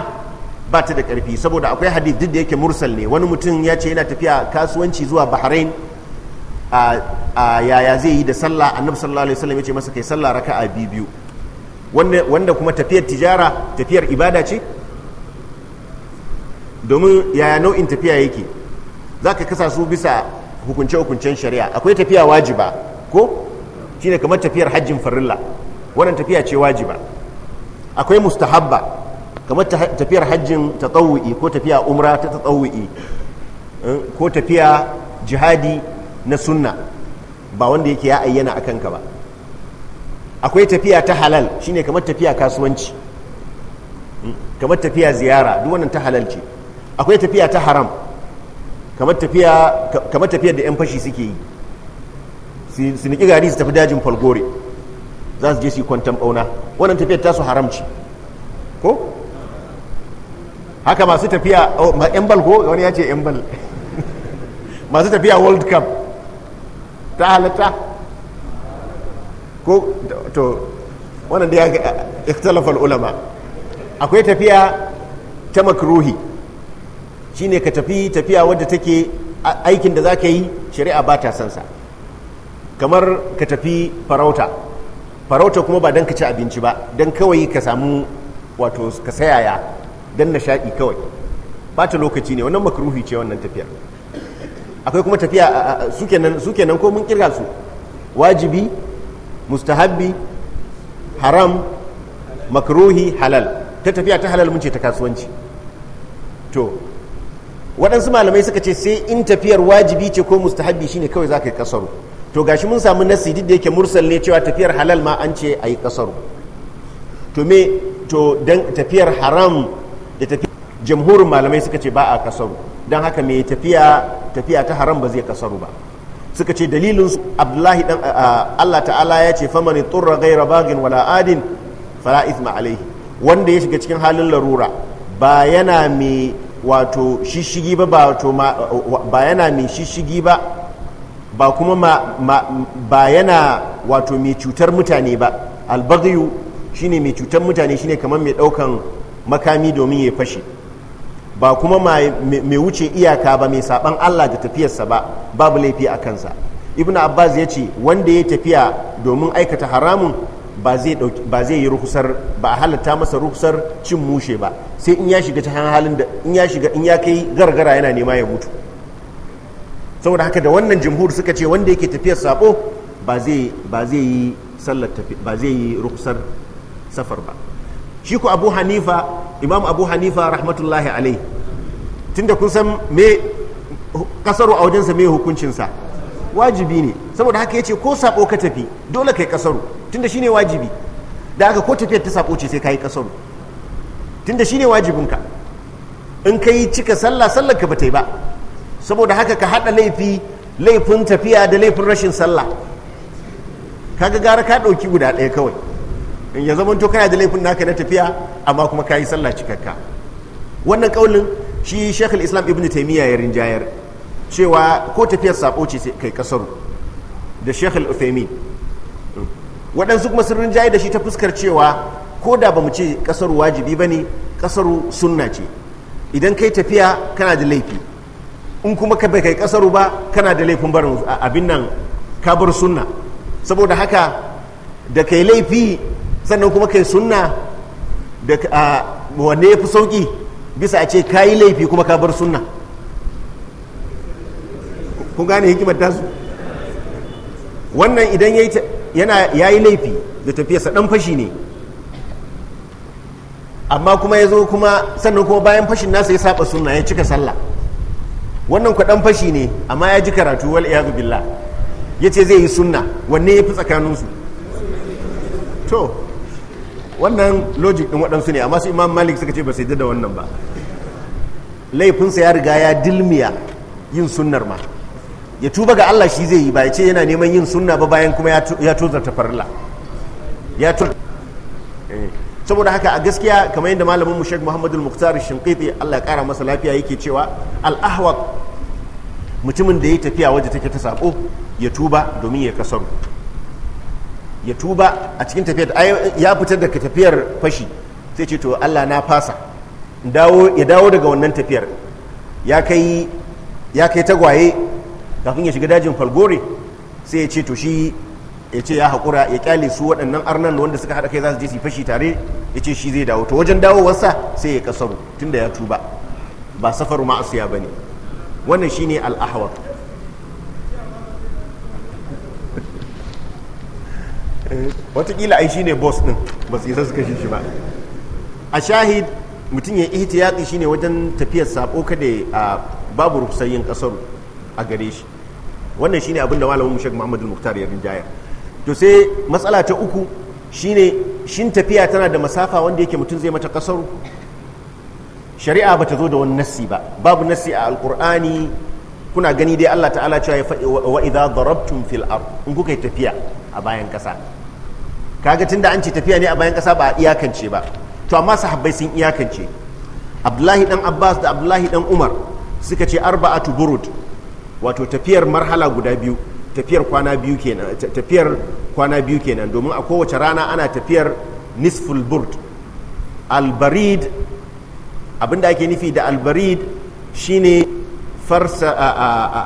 ba ta da ƙarfi saboda akwai hadith duk da yake mursal ne wani mutum ya ce yana tafiya kasuwanci zuwa bahrain a yaya zai yi da sallah annabi sallallahu alaihi wasallam ya ce masa kai sallah raka'a biyu biyu wanda kuma tafiyar tijara tafiyar ibada ce domin yaya nau'in tafiya yake za ka kasa su bisa hukunce-hukuncen shari'a akwai tafiya wajiba ko shine kamar tafiyar hajjin farilla wannan tafiya ce wajiba akwai mustahabba kamar tafiyar hajjin tatawu'i ko tafiya umra ta eh, ko tafiya jihadi na sunna ba wanda yake ya ayyana a kanka ba akwai tafiya ta halal shine kamar tafiya kasuwanci hmm? kamar tafiya ziyara duk wannan ta halal ce akwai tafiya ta haram kamar tafiya da 'yan fashi suke yi su niki gari su tafi dajin falgore za su je su yi kwantan bauna wannan tafiyar haram haramci ko haka masu tafiya yan oh, bal ko wani ya ce yan bal masu tafiya world cup ta halatta ko to wannan da ya ikhtalafa ulama akwai tafiya ta makruhi shine ka tafi tafiya wadda take aikin da zaka yi shari'a ba ta sa kamar ka tafi farauta farauta kuma ba don ka ci abinci ba don kawai ka samu wato ka sayaya don nishaɗi kawai ba ta lokaci ne wannan makruhi ce wannan tafiyar akwai kuma tafiya su kenan ko mun kirga su wajibi mustahabbi haram makruhi halal ta tafiya ta halal mun ce ta kasuwanci to waɗansu malamai suka ce sai in tafiyar wajibi ce ko mustahabbi shine kawai za ka yi kasaro to gashi mun samu nasi duk da yake mursal ne cewa tafiyar halal ma an ce a yi kasaro to me to dan tafiyar haram da tafiyar jamhurin malamai suka ce ba a kasaro don haka mai tafiya tafiya ta haram ba zai kasaro ba suka ce dalilin abdullahi dan Allah ta'ala ya ce famani turra gaira bagin wala adin fala ithma alaihi wanda ya shiga cikin halin larura ba yana mai wato shishigi ba ba wato ba yana mai shishigi ba ba kuma ba yana wato mai cutar mutane ba albagyu shine mai cutar mutane shine kamar mai daukan makami domin ya fashe ba kuma mai wuce iyaka ba mai saban Allah da tafiyarsa ba babu laifi a kansa ibn abbas ya ce wanda ya tafiya domin aikata haramun ba zai yi rukusar ba a halatta masa rukusar cin mushe ba sai in ya shiga ta halin da in ya shiga in ya kai gargara yana nema ya mutu saboda haka da wannan jimhur suka ce wanda yake tafiyar sabo ba zai yi rukusar safar ba shi ku abu hanifa imam abu hanifa rahmatullahi alai tunda kun san me kasaru a wajensa me hukuncinsa wajibi ne saboda haka yace ko sako ka tafi dole kai kasaru tunda shine wajibi da aka ko tafiyar ta sako ce sai kai kasaru tunda shine wajibinka in kai cika sallah sallar ka bata yi ba saboda haka ka hada laifi laifin tafiya da laifin rashin sallah kaga gara ka dauki guda ɗaya kawai ya zama to kana da laifin naka na tafiya amma kuma ka yi sallah cikakka wannan kaulin shi shekul islam ibn taimiyya ya rinjayar cewa ko tafiyar sabo ce kai kasar da shekul uthaymin waɗansu kuma sun rinjaye da shi ta fuskar cewa ko da ba mu ce kasar wajibi ba ne kasaru sunna ce idan kai tafiya kana da laifi in kuma ka bai kai kasaru ba kana da laifin barin abin nan ka bar sunna saboda haka da kai laifi sannan kuma kai sunna da wanne ya fi sauƙi bisa a ce ka yi laifi kuma ka bar sunna kun gane hikimar tasu wannan idan ya yi laifi da tafiyarsa ɗan fashi ne amma kuma ya zo kuma sannan kuma bayan fashin nasa ya saba sunna ya cika sallah wannan kwa dan fashi ne amma ya ji karatu wal iyadu billah ya ce zai yi sunna wanne ya fi tsakaninsu to wannan logic din waɗansu ne amma su imam malik suka ce ba sai da wannan ba laifinsa ya riga ya dilmiya yin sunnar ma ya tuba ga Allah shi zai yi ba ya ce yana neman yin sunna ba bayan kuma ya ta farla ya eh. saboda haka a gaskiya kamar yadda malamin mu Sheikh Muhammadu Muktar Shinqiti Allah ya kara masa lafiya yake cewa al mutumin da ya tafiya waje take ta sako ya tuba domin ya kasaru ya tuba a cikin tafiyar ya fitar da tafiyar fashi sai ce to Allah na fasa ya dawo daga wannan tafiyar ya kai tagwaye kafin ya shiga dajin falgore sai ya ce to shi ya ce ya haƙura ya kyale su waɗannan arnan wanda suka haɗa kai za su je su fashi tare ya ce shi zai dawo to wajen dawo dawowarsa sai ya kasaru tunda ya tuba ba safar ma'asiya ba ne wannan shi shine al'ahawar watakila ai shine boss din ba su isa su kashe shi ba a shahid mutum ya ihtiyati shine wajen tafiyar sabo kada babu rufsar yin kasar a gare shi wannan shine abin da malamin mushek Muhammad muktar ya rinjaya to sai matsala ta uku shine shin tafiya tana da masafa wanda yake mutum zai mata kasar shari'a ba ta zo da wani nassi ba babu nassi a alkur'ani kuna gani dai Allah ta'ala cewa wa wa'iza darabtum fil ard in kuka yi tafiya a bayan kasa kaga tunda an ce tafiya ne a bayan kasa ba a iyakance ba to amma sahabbai sun iyakance abdullahi dan abbas da abdullahi dan umar suka ce arba'atu burud wato tafiyar marhala guda biyu tafiyar kwana biyu kenan tafiyar kwana biyu kenan domin a kowace rana ana tafiyar nisful burd albarid abinda ake nufi da albarid shine farsa a, a,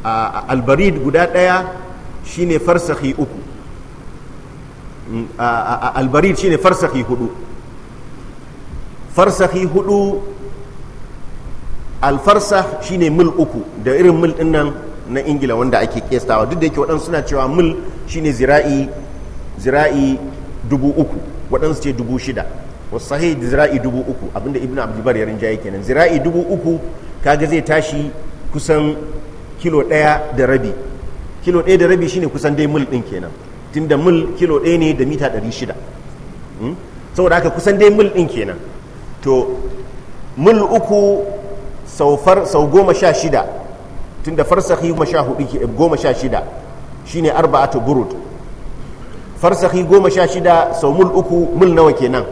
a, albarid guda ɗaya shine farsahi uku albarid shine farsahi hudu farsahi hudu alfarsa shine mil uku da irin mil din nan na ingila wanda ake kestawa duk da yake waɗansu suna cewa mil shine zira'i zira'i dubu uku waɗansu ce dubu shida wasu sahi zira'i dubu uku abinda ibn abdulbar ya rinjaye kenan zira'i dubu uku kaga zai tashi kusan kilo ɗaya da rabi kilo ɗaya da rabi shine kusan dai mil ɗin kenan tun da mil kilo ɗaya ne da mita ɗari shida hmm? saboda haka kusan dai mil ɗin kenan to mil uku sau goma sha shida tun da farsahi goma sha hudu goma sha shida shine arba'atu burud farsahi goma sha shida sau mil uku mil nawa kenan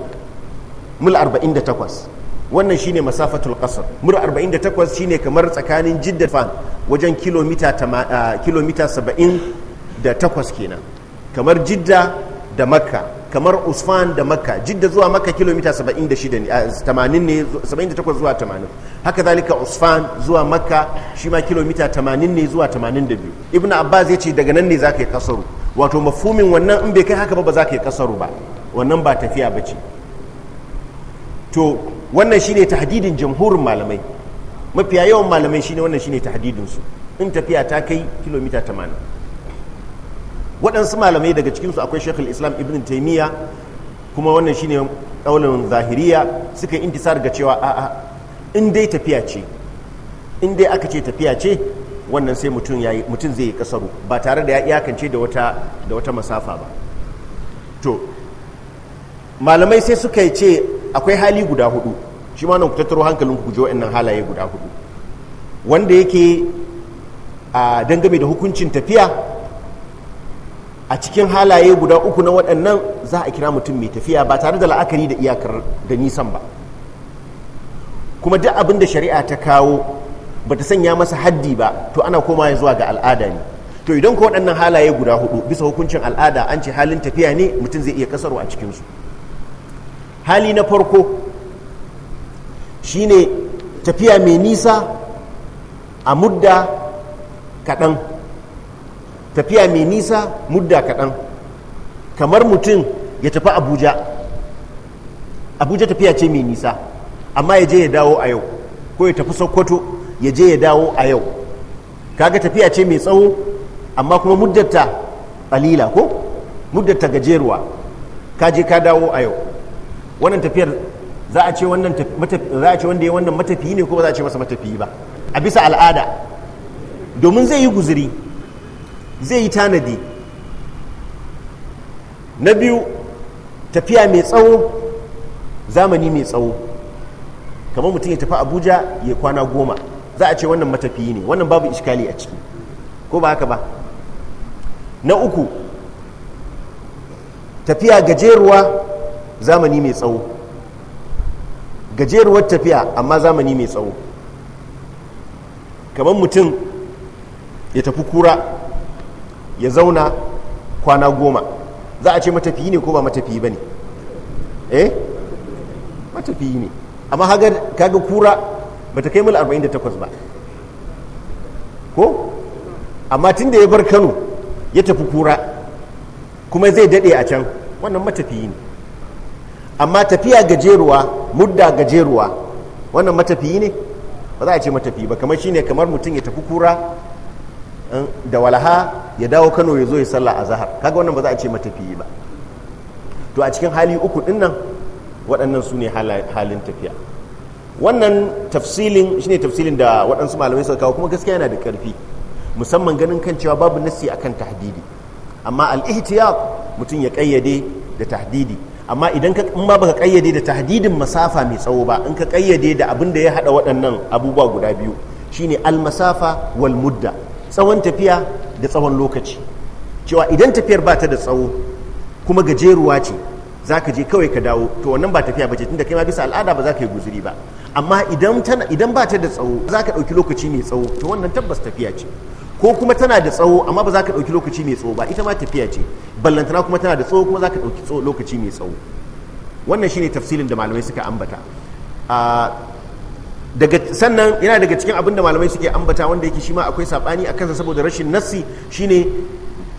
mil arba'in da takwas wannan shine masafatul kasar mil arba'in da takwas shine kamar tsakanin jidda fan wajen ah, kilomita saba'in da takwas kenan kamar jidda da makka kamar usman da makka jidda zuwa makka kilomita 76 ne 78 zuwa 80 haka zalika usman zuwa makka shi ma kilomita 80 ne zuwa 82 Ibn abbas ya ce daga nan ne za ka yi kasaru wato mafumin wannan in bai kai haka ba za ka yi kasaru ba wannan ba tafiya ba ce to wannan shine tahdidin jamhurin malamai mafiya yawan malamai shine wannan shine tahdidin in tafiya ta kai kilomita 80 waɗansu malamai daga cikinsu akwai shekul islam ibn taimiyya kuma wannan shine ƙaunin zahiriya suka yi intisar ga cewa a'a in dai tafiya ce in dai aka ce tafiya ce wannan sai mutum zai yi kasaru ba tare da ya iyakance da wata masafa ba to malamai sai suka yi ce akwai hali guda hudu shi ma nan ku tattaro hankalin ku guji wa'annan halaye guda hudu wanda yake a dangane da hukuncin tafiya a cikin halaye guda uku na waɗannan za a kira mutum mai tafiya ba tare da la'akari da iyakar da nisan ba kuma duk abin da shari'a ta kawo ba ta sanya masa haddi ba to ana koma zuwa ga al'ada ne to idan ko waɗannan halaye guda hudu bisa hukuncin al'ada an ce halin tafiya ne mutum zai iya kasarwa a cikinsu hali na farko shine tafiya mai nisa a mudda kaɗan tafiya mai nisa mudda kaɗan kamar mutum ya tafi abuja abuja tafiya ce mai nisa amma ya je ya dawo a yau ko ya tafi sokoto ya je ya dawo a yau kaga tafiya ce mai tsawo amma kuma muddata alila ko muddata gajeruwa ka je ka dawo a yau wannan tafiyar za a ce wannan za a ce wanda ya wannan matafiyi ne ko ba za a ce masa matafiyi ba a bisa al'ada domin zai yi guzuri zai yi tanadi na biyu tafiya mai tsawo zamani mai tsawo kamar mutum ya tafi abuja ya kwana goma za a ce wannan matafiyi ne wannan babu iskali a ciki ko ba haka ba na uku tafiya gajeruwa zamani mai tsawo gajeruwar tafiya amma zamani mai tsawo kamar mutum ya tafi kura ya zauna kwana goma za a ce matafiyi ne ko ba matafiyi ba ne eh matafiyi ne amma kaga kura ba ta kai mil 48 ba ko amma tun da ya bar kano ya tafi kura kuma zai daɗe a can wannan matafiyi ne amma tafiya gajeruwa mudda gajeruwa wannan matafiyi ne ba za a ce matafiyi ba kamar shine kamar mutum ya tafi kura eh, da walaha ya dawo kano ya zo ya sallah a zahar kaga wannan ba za a ce matafiyi ba to a cikin hali uku din nan waɗannan su ne halin tafiya wannan tafsilin shine tafsilin da waɗansu malamai suka kawo kuma gaskiya yana da ƙarfi musamman ganin kan cewa babu nassi akan tahdidi amma al mutum ya kayyade da tahdidi amma idan ka in ba baka kayyade da tahdidin masafa mai tsawo ba in ka kayyade da abin da ya haɗa waɗannan abubuwa guda biyu shine al-masafa wal mudda tsawon tafiya da tsawon lokaci cewa idan tafiyar ba ta da tsawo kuma gajeruwa ce za ka je kawai ka dawo to wannan ba tafiya ba ce tunda kai ma bisa al'ada ba za ka yi guzuri ba amma idan ba ta da tsawo za ka ɗauki lokaci mai tsawo to wannan tabbas tafiya ce ko kuma tana da tsawo amma ba za ka ɗauki lokaci mai tsawo ba ita ma tafiya ce ballantana kuma tana da tsawo kuma za ka ɗauki lokaci mai tsawo wannan shine tafsirin da malamai suka ambata ah, daga sannan yana daga cikin abin da malamai suke ambata wanda yake shi akwai sabani a kansa saboda rashin nassi shine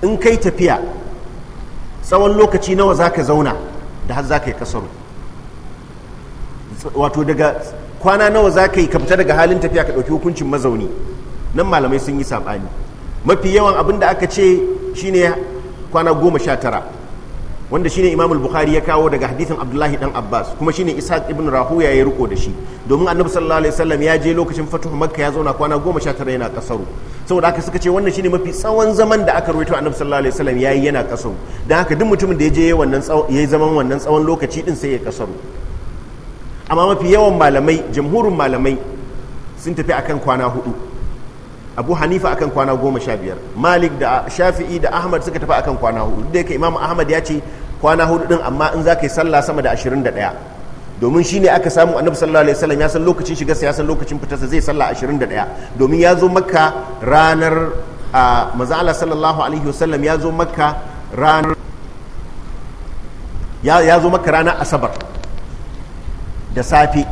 in kai tafiya tsawon lokaci nawa za ka zauna da har za ka yi kasaro wato daga kwana nawa za ka yi ka fita daga halin tafiya ka ɗauki hukuncin mazauni nan malamai sun yi sabani mafi yawan abin da aka ce shine kwana goma sha tara wanda shine imamul bukhari ya kawo daga hadithin abdullahi dan abbas kuma shine ishaq ibn rahuya ya riko da shi domin annabi sallallahu alaihi wasallam ya je lokacin fatuhu makka ya zauna kwana goma sha tara yana kasaru saboda haka suka ce wannan shine mafi tsawon zaman da aka rawaito annabi sallallahu alaihi wasallam yayi yana kasaru dan haka duk mutumin da ya je wannan yayi zaman wannan tsawon lokaci din sai ya kasaru amma mafi yawan malamai jamhurin malamai sun tafi akan kwana hudu abu hanifa akan kwana goma sha biyar malik da shafi'i da ahmad suka tafi akan kwana hudu da yake imam ahmad ya ce kwana hudu din amma in za ka yi sallah sama da ashirin da 21 domin shine aka samu annabi sallallahu alaihi wasallam ya san lokacin shiga sa ya san lokacin fitarsa zai sallah ashirin da 21 domin ya zo makka ranar manzo Allah sallallahu alaihi wasallam ya zo makka ranar ya zo makka ranar asabar da safe ya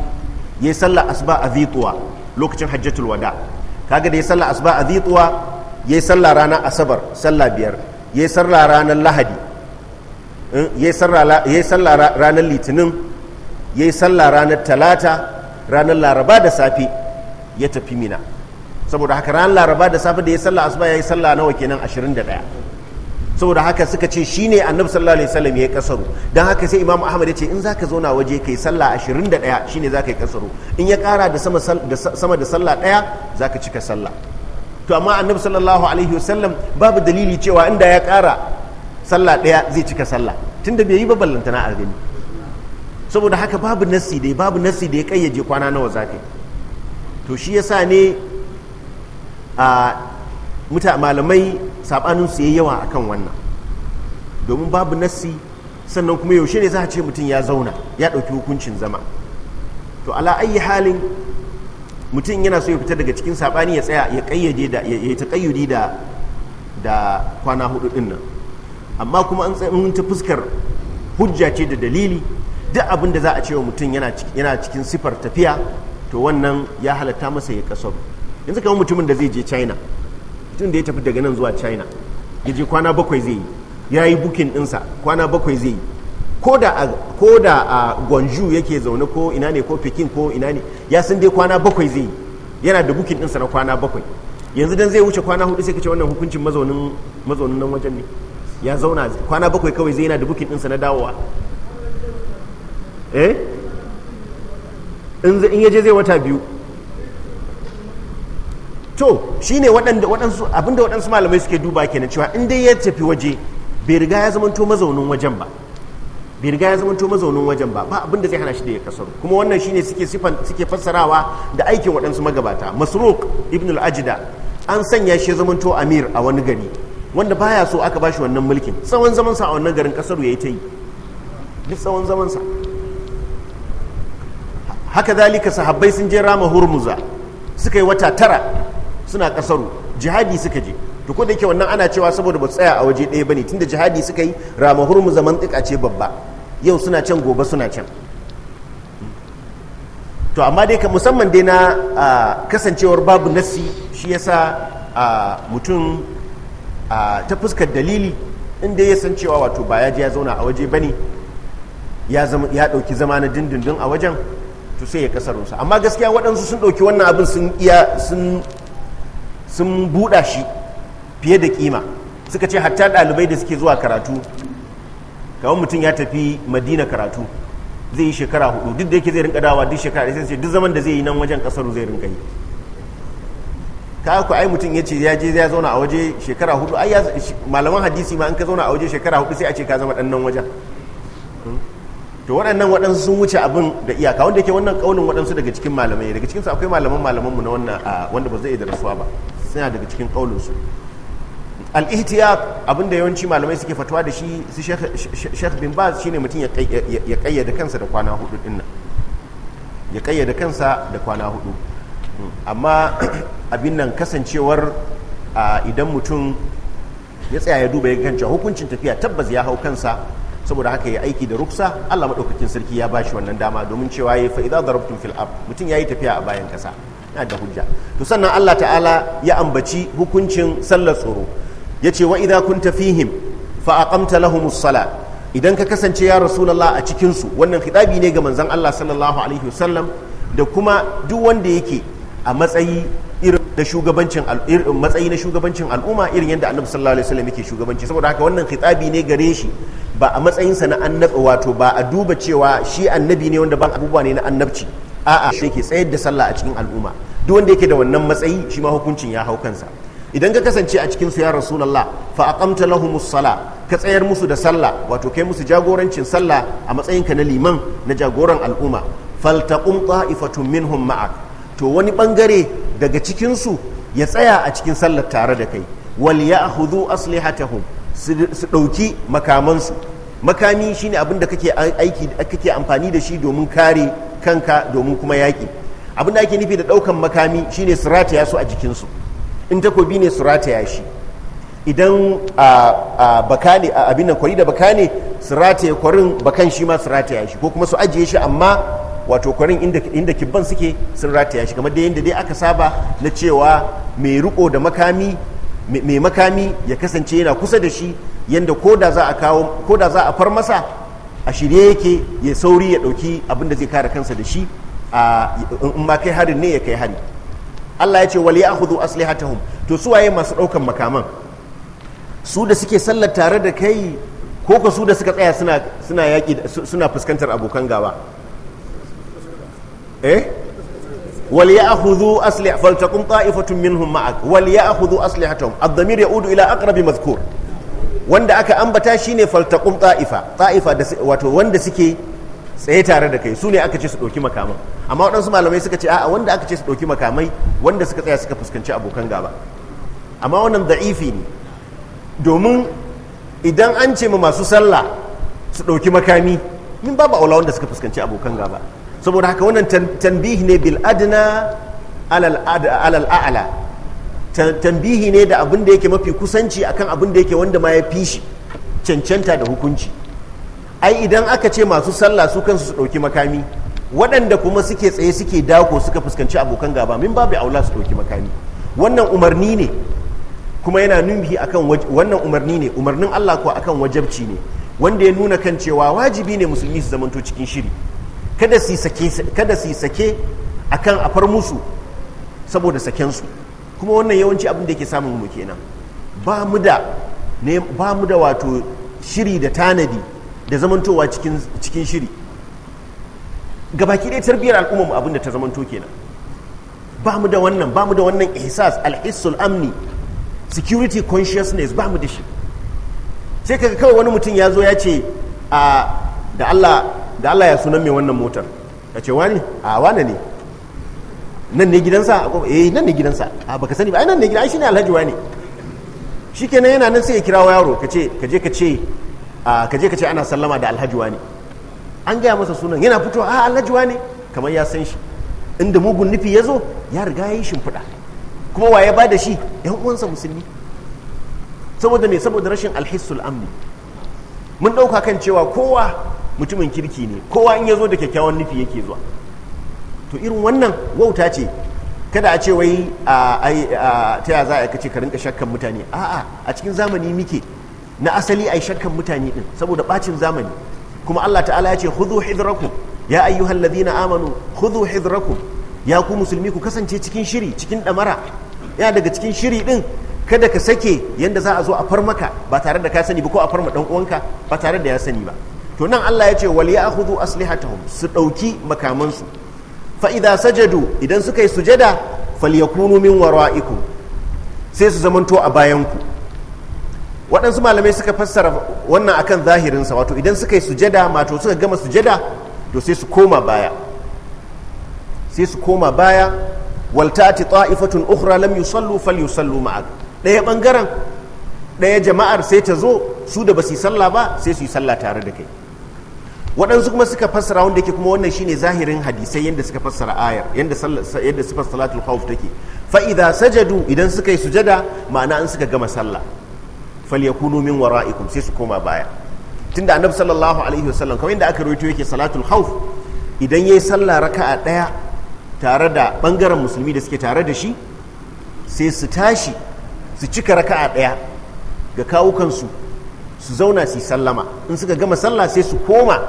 yi sallah asuba a zituwa lokacin hajjatul wada kaga da ya sallah asuba a zituwa yayi sallah ranar asabar sallah biyar yayi sallah ranar lahadi Eh, ya yi sallah ranar litinin ya yi sallah ranar talata ranar laraba da safe ya tafi mina saboda haka ranar laraba da safe da ya sallah asuba ya yi sallah nawa kenan 21 saboda haka suka ce shine annabi sallallahu alaihi wasallam ya kasaru dan haka sai imamu ahmad ya ce in zaka zauna waje kai sallah 21 shine zaka yi kasaru in ya kara da sama da sama da sallah daya zaka cika sallah to amma annabi sallallahu alaihi wasallam babu dalili cewa inda ya kara sallah daya zai cika sallah tunda bai yi ba ballantana a gani saboda haka babu nassi da babu nassi da ya kayyaje kwana nawa za ka yi to shi yasa ne a muta malamai sabanin su yayi yawa akan wannan domin babu nassi sannan kuma yaushe ne za a ce mutum ya zauna ya ɗauki hukuncin zama to ala ayi halin mutum yana so ya fita daga cikin sabani ya tsaya ya kayyade da ya ta kayyudi da kwana hudu din nan amma kuma an in ta fuskar hujja ce da dalili duk abin da za a ce wa mutum yana cikin sifar tafiya to wannan ya halatta masa ya kaso yanzu kamar mutumin da zai je china mutum da ya tafi daga nan zuwa china ya je kwana bakwai zai yi ya yi bukin ɗinsa kwana bakwai zai yi ko da a gwanju yake zaune ko ina ne ko pekin ko ina ne ya san dai kwana bakwai zai yi yana da bukin ɗinsa na kwana bakwai yanzu dan zai wuce kwana hudu sai ka ce wannan hukuncin mazaunin nan wajen ne ya zauna kwana bakwai kawai zai yana da bukin ɗinsa na dawowa eh in yaje zai wata biyu to shine ne abinda waɗansu malamai suke duba kenan cewa inda ya tafi waje bai riga ya zamanto mazaunin wajen ba bai riga ya zamanto mazaunin wajen ba ba abinda zai hana shi da ya kasar kuma wannan shine suke sifan suke fassarawa da aikin waɗansu magabata masrook ibn al ajida an sanya shi zamanto amir a wani gari wanda baya so aka bashi wannan mulkin tsawon zamansa a wannan garin kasar ya yi ta yi duk tsawon zamansa haka zalika sahabbai sun je rama hurmuza suka yi wata tara suna kasaru jihadi suka je to ko da yake wannan ana cewa saboda ba tsaya a waje ɗaya bane tunda jihadi suka yi rama hurmuza mantika ce babba yau suna can gobe suna can to amma dai ka musamman dai na ah, kasancewar babu nassi shi yasa ah, mutum ta fuskar dalili inda ya san cewa wato ba ya ji ya zauna a waje bane ya ya dauki zama na dindindin a wajen to sai ya kasarunsa amma gaskiya waɗansu sun ɗauki wannan abin sun iya sun sun buɗa shi fiye da kima suka ce hatta ɗalibai da suke zuwa karatu kawai mutum ya tafi madina karatu zai yi shekara hudu duk da yake zai rinka dawa duk shekara duk zaman da zai yi nan wajen kasaru zai rinka yi ka ku ai mutum ya ce ya je ya zauna a waje shekara hudu ai malaman hadisi ma an ka zauna a waje shekara hudu sai a ce ka zama dan nan wajen hmm? to waɗannan waɗansu sun wuce abin da iyaka wanda yake wannan kaunin waɗansu daga cikin malamai daga cikin su akwai malaman malaman mu na wannan wanda ba zai da rasuwa ba suna daga cikin kaulin su al-ihtiyat abin da yawanci malamai suke fatuwa da shi su shekh bin Baz shine mutum ya kayyade kansa da kwana hudu dinnan ya kayyade kansa da kwana hudu amma abin nan kasancewar idan mutum ya tsaya ya duba ya ganci hukuncin tafiya tabbas ya hau kansa saboda haka ya aiki da ruksa Allah maɗaukakin sarki ya bashi wannan dama domin cewa ya fa da darabtum fil ard mutum yi tafiya a bayan kasa na da hujja to sannan Allah ta'ala ya ambaci hukuncin sallar tsoro yace wa kun kunta fihim fa aqamta lahumus sala idan ka kasance ya rasulallah a cikinsu wannan hidabi ne ga manzon Allah sallallahu alaihi wasallam da kuma duk wanda yake a matsayi irin na shugabancin matsayi na shugabancin al'umma irin yadda annabi sallallahu alaihi wasallam yake shugabanci saboda haka wannan khitabi ne gare shi ba a matsayinsa na annabi wato ba a duba cewa shi annabi ne wanda ban abubuwa ne na annabci a'a shi yake tsayar da sallah a cikin al'umma duk wanda yake da wannan matsayi shi ma hukuncin ya hau kansa idan ka kasance a cikin su ya rasulullah fa aqamta lahumus sala ka tsayar musu da sallah wato kai musu jagorancin sallah a matsayinka na liman na jagoran al'umma faltaqum qa'ifatun minhum ma'ak to wani bangare daga cikinsu ya tsaya a cikin sallar tare da kai wal ya hudu aslihatahum su ɗauki makamansu makami shine abin da kake aiki kake amfani da shi domin kare kanka domin kuma yaki. abin da ake nufi da ɗaukan makami shine su rataya su a jikinsu in takobi ne su rataya shi idan a baka ne a abin nan kwari da baka ne su rataya kwarin bakan shi ma su rataya shi ko kuma su ajiye shi amma wato kwarin inda kibban suke sun rataya shi kamar da yadda dai aka saba na cewa mai riko da makami mai makami ya kasance yana kusa da shi yadda ko da za a kawo a far masa a shirye yake ya sauri ya ɗauki abin da zai kare kansa da shi a in ma kai harin ne ya kai hari Allah ya ce wal ya'khudhu aslihatahum to su waye masu ɗaukan makaman su da suke sallar tare da kai ko ka su da suka tsaya suna suna fuskantar abokan gaba eh wal ya'khudhu aslih faltakum ta'ifatun minhum ma'ak wal ya'khudhu aslihatahum ad-damir ya'udu ila aqrabi madhkur wanda aka ambata shine faltakum ta'ifa ta'ifa da wato wanda suke tsaye tare da kai sune aka ce su ɗauki makaman amma waɗansu malamai suka ce a'a wanda aka ce su ɗauki makamai wanda suka tsaya suka fuskanci abokan gaba amma wannan da'ifi ne domin idan an ce ma masu sallah su ɗauki makami min ba babu aula wanda suka fuskanci abokan gaba saboda haka wannan tambihi ne bil adna alal a'la tambihi ne da abin da yake mafi kusanci akan abin da yake wanda ma ya fi shi cancanta da hukunci ai idan aka ce masu sallah su kansu su ɗauki makami waɗanda kuma suke tsaye suke dako suka fuskanci abokan gaba min babu aula su ɗauki makami wannan umarni ne kuma yana nuhi akan wannan umarni ne umarnin Allah ko akan wajabci ne wanda ya nuna kan cewa wajibi ne musulmi su zamanto cikin shiri kada su yi sake a kan afar musu saboda sakensu kuma wannan yawanci abin da yake samun mu kenan ba mu da ba mu da wato shiri da tanadi da zamantowa cikin shiri gabaki dai tarbiyyar al'ummar mu abin da ta zamanto kenan ba mu da wannan ba mu da wannan ihsas alhissul amni security consciousness ba mu da shi sai kaga kawai wani mutum ya zo ya ce a ah, da Allah da Allah ya sunan mai wannan motar ka ce wani a wane ne nan ne gidansa eh nan ne gidansa a baka sani ba ai nan ne gidansa ai shine alhaji wani shikenan yana nan sai ya kirawo yaro kaje kaje kaje je kaje kace ana sallama da alhaji wani an gaya masa sunan yana fito a alhaji wani kamar ya san shi inda mugun nufi ya zo ya riga ya yi shimfiɗa kuma wa ya bada shi yan uwansa musulmi saboda me saboda rashin alhissul amni mun ɗauka kan cewa kowa mutumin kirki ne kowa in ya zo da kyakkyawan nufi yake zuwa to irin wannan wauta ce kada a ce wai ta yaya za a kace ka rinka shakkan mutane a'a a cikin zamani muke na asali ai shakkan mutane din saboda bacin zamani kuma Allah ta'ala ya ce khudhu hidrakum ya ayyuhal ladina amanu khudhu hidrakum ya ku musulmi ku kasance cikin shiri cikin damara ya daga cikin shiri din kada ka sake yanda za a zo a farmaka ba tare da ka sani ba ko a farma dan uwanka ba tare da ya sani ba to nan Allah ya ce wal ya'khudhu aslihatahum su dauki makamansu fa idza sajadu idan suka yi sujada falyakunu min wara'ikum sai su zamanto a bayan ku waɗansu malamai suka fassara wannan akan zahirin sa wato idan suka yi sujada mato suka gama sujada to sai su koma baya sai su koma baya waltati ta'ifatun ukhra lam yusallu falyusallu ma'ak ɗaya bangaren ɗaya jama'ar sai ta zo su da basu yi sallah ba sai su yi sallah tare da kai waɗansu kuma suka fassara wanda yake kuma wannan shine zahirin hadisai yadda suka fassara ayar yadda yadda sifar salatul khawf take fa idza sajadu idan suka yi sujada ma'ana an suka gama sallah falyakunu min wara'ikum sai su koma baya tunda annabi sallallahu alaihi wasallam kamar yadda aka rawaito yake salatul khawf idan yayi sallah raka'a daya tare da bangaren musulmi da suke tare da shi sai su tashi su cika raka'a daya ga kawukansu su zauna su sallama in suka gama sallah sai su koma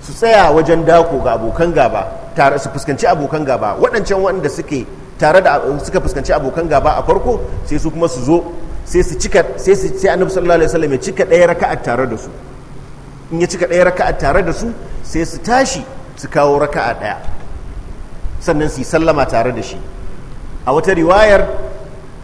su tsaya wajen dako ga abokan gaba tare su fuskanci abokan gaba waɗancan waɗanda suke tare da suka fuskanci abokan gaba a farko sai su kuma su zo sai su cika sai su sai annabi sallallahu alaihi wasallam ya cika ɗaya raka'a tare da su in ya cika ɗaya raka'a tare da su sai su tashi su kawo raka'a ɗaya sannan su sallama tare da shi a wata riwayar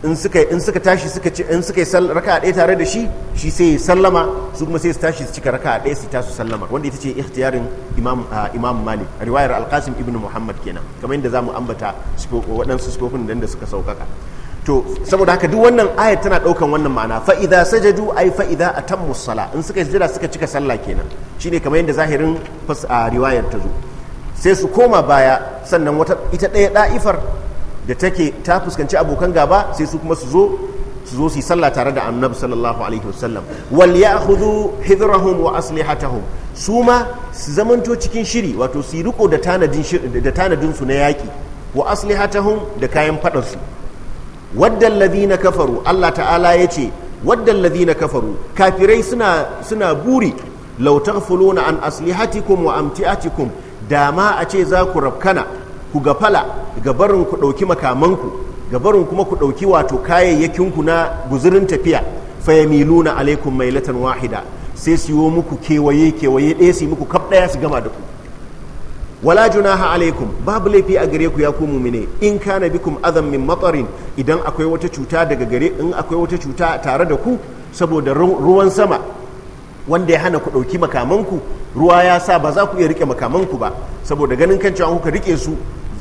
in suka in suka tashi suka ci in suka yi raka'a ɗaya tare da shi shi sai ya sallama su kuma sai su tashi su cika raka'a ɗaya su tasu sallama wanda ita ce ikhtiyarin imam imam malik riwayar alqasim ibnu muhammad kenan kamar yadda zamu ambata waɗansu sifofin da suka saukaka to saboda haka duk wannan ayat tana ɗaukan wannan ma'ana fa idza sajadu ay fa idza atammu sala in suka sujada suka cika sallah kenan shine kamar yadda zahirin riwayar ta zo sai su koma baya sannan wata ita ɗaya da'ifar da take ta fuskanci abokan gaba sai su kuma su zo su zo su yi sallah tare da annabi sallallahu alaihi wasallam wal ya'khudhu hidrahum wa aslihatahum su ma su zamanto cikin shiri wato su riko da tanadin da tanadin su na yaki wa aslihatahum da kayan fadar su waddal ladina kafaru Allah ta'ala yace waddal ladina kafaru kafirai suna suna buri law taghfuluna an aslihatikum wa amtiatikum dama a ce za ku rabkana ku gafala gabarin ku ɗauki makamanku gabarin kuma ku ɗauki wato kayayyakin ku na guzurin tafiya fayamiluna alaikum mailatan wahida sai su yi muku kewaye kewaye ɗaya su yi muku kaf ɗaya su gama da ku wala junaha alaikum babu laifi a gare ku ya ku mumine in kana bikum azam min matarin idan akwai wata cuta daga gare in akwai wata cuta tare da ku saboda ruwan sama wanda ya hana ku ɗauki makamanku ruwa ya sa ba za ku iya rike makamanku ba saboda ganin kan cewa kuka rike su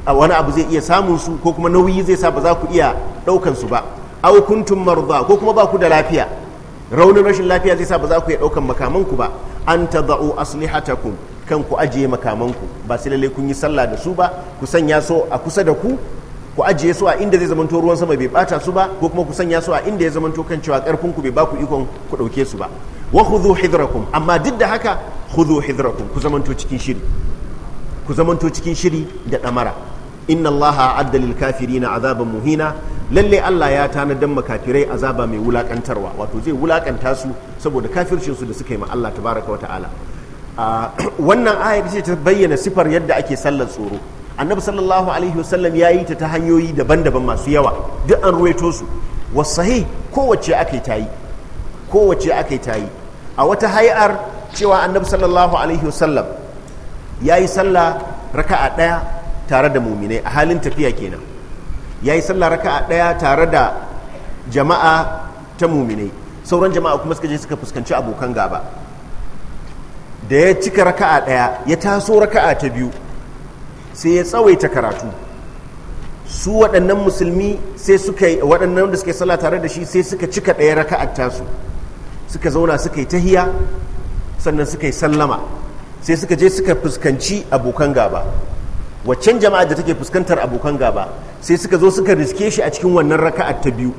A wani abu zai iya samun su ko kuma nauyi zai sa ba za ku iya ɗaukan su ba au kuntum marda ko kuma ba ku da lafiya raunin rashin lafiya zai sa ba za ku iya ɗaukan makamanku ba an tadau aslihatakum kan ku ajiye makamanku ba sai lalle kun yi sallah da su ba ku sanya so a kusa da ku ku ajiye su a inda zai zamanto ruwan sama bai bata su ba ko kuma ku sanya su a inda ya zamanto kan cewa karfin ku bai ba ku ikon ku dauke su ba wa khudhu hidrakum amma duk da haka khudhu hidrakum ku zamanto cikin shiri ku zamanto cikin shiri da damara inna allaha a'adda lil kafirina azaban muhina lalle Allah ya tanadan makafirai azaba mai wulakantarwa wato zai wulakanta su saboda kafircin su da suka yi ma Allah tabaraka wa ah, wannan ayar ce ta bayyana sifar yadda ake sallar tsoro annabi sallallahu alaihi wasallam ya yi ta ta hanyoyi daban-daban masu yawa duk an ruwaito su wasahi kowace aka kowace aka tayi a wata hay'ar cewa annabi sallallahu alaihi wasallam ya yi sallah raka'a ɗaya tare da muminai a halin tafiya kenan ya yi sallah raka'a ɗaya tare da jama'a ta muminai sauran jama'a kuma suka je suka fuskanci abokan gaba da ya cika raka'a ɗaya ya taso raka'a ta biyu sai ya tsawaita karatu su waɗannan musulmi sai suka yi waɗannan da suka yi sallah tare da shi sai suka cika ɗaya raka'a tasu suka zauna suka yi tahiya sannan suka yi sallama sai suka je suka fuskanci abokan gaba waccan jama'a da take fuskantar abokan gaba sai suka zo suka riske shi a cikin wannan raka'ar ta biyu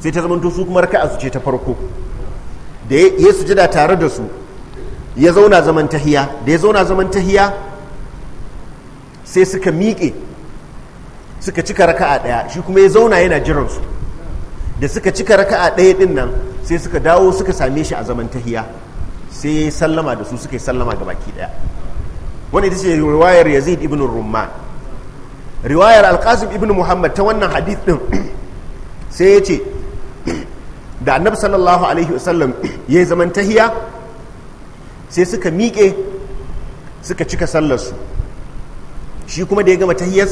sai ta zamanto su kuma raka'a su ce ta farko da ya sujada tare da su ya zauna zaman tahiya da ya zauna zaman tahiya sai suka miƙe suka cika raka'a ɗaya shi kuma ya zauna yana jiran su da suka cika raka'a ɗaya ɗin nan sai suka dawo suka same shi a zaman tahiya sai ya sallama da su suka yi sallama ga baki ɗaya wani ita ce riwayar yazid ibn rumma riwayar alkasim ibn muhammad ta wannan hadith din sai ya ce da annabi sallallahu alaihi wasallam ya yi zaman tahiya sai suka miƙe suka cika sallarsu shi kuma da ya gama tahiyar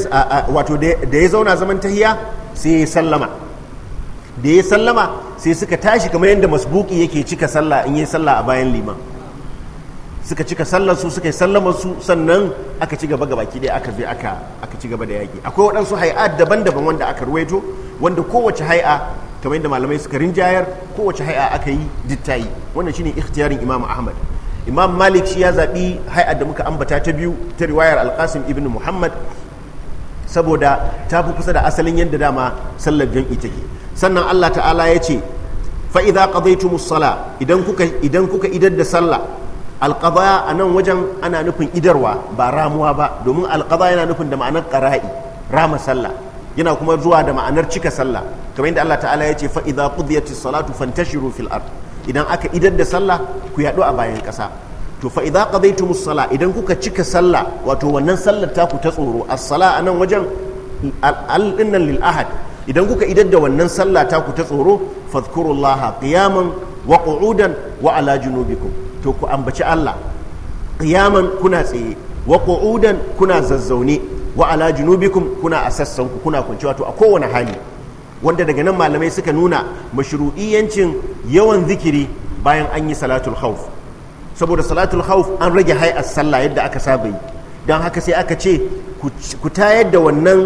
wato da ya zauna zaman tahiya sai ya sallama da ya sallama sai suka tashi kamar yadda masbuki yake cika sallah in yi sallah a bayan liman suka cika sallar su suka yi sallamar su sannan aka ci gaba gabaki dai aka bi aka ci gaba da yaki akwai waɗansu hai'a daban-daban wanda aka ruwaito wanda kowace hai'a kamar yadda malamai suka rinjayar kowace hai'a aka yi dittayi wannan shine ikhtiyarin imam ahmad imam malik shi ya zaɓi hai'a da muka ambata ta biyu ta riwayar alƙasim ibn muhammad saboda ta fi kusa da asalin yadda dama sallar jam'i take sannan allah ta'ala ya ce fa'iza ƙazaitu musala idan kuka idan kuka idar da sallah alƙaba a nan wajen ana nufin idarwa ba ramuwa ba domin alƙaba yana nufin da ma'anar ƙara'i rama sallah yana kuma zuwa da ma'anar cika sallah kamar yadda Allah ta'ala ya ce fa idza qudiyatis salatu fantashiru fil ard idan aka idar da sallah ku yaɗu a bayan ƙasa to fa idza qadaytumus sala idan kuka cika sallah wato wannan sallar taku ta tsoro as-sala a nan wajen al-dinnan lil ahad idan kuka idar da wannan sallah taku ta tsoro fadhkurullaha qiyaman wa qu'udan wa ala junubikum to ku ambaci Allah qiyaman kuna tsaye wa qu'udan kuna zazzaune wa ala junubikum kuna a sassan ku kuna kwanci wato a kowane hali wanda daga nan malamai suka nuna mashru'iyyancin yawan zikiri bayan an yi salatul khawf saboda salatul hauf an rage hay'ar sallah yadda aka saba yi don haka sai aka ce ku tayar da wannan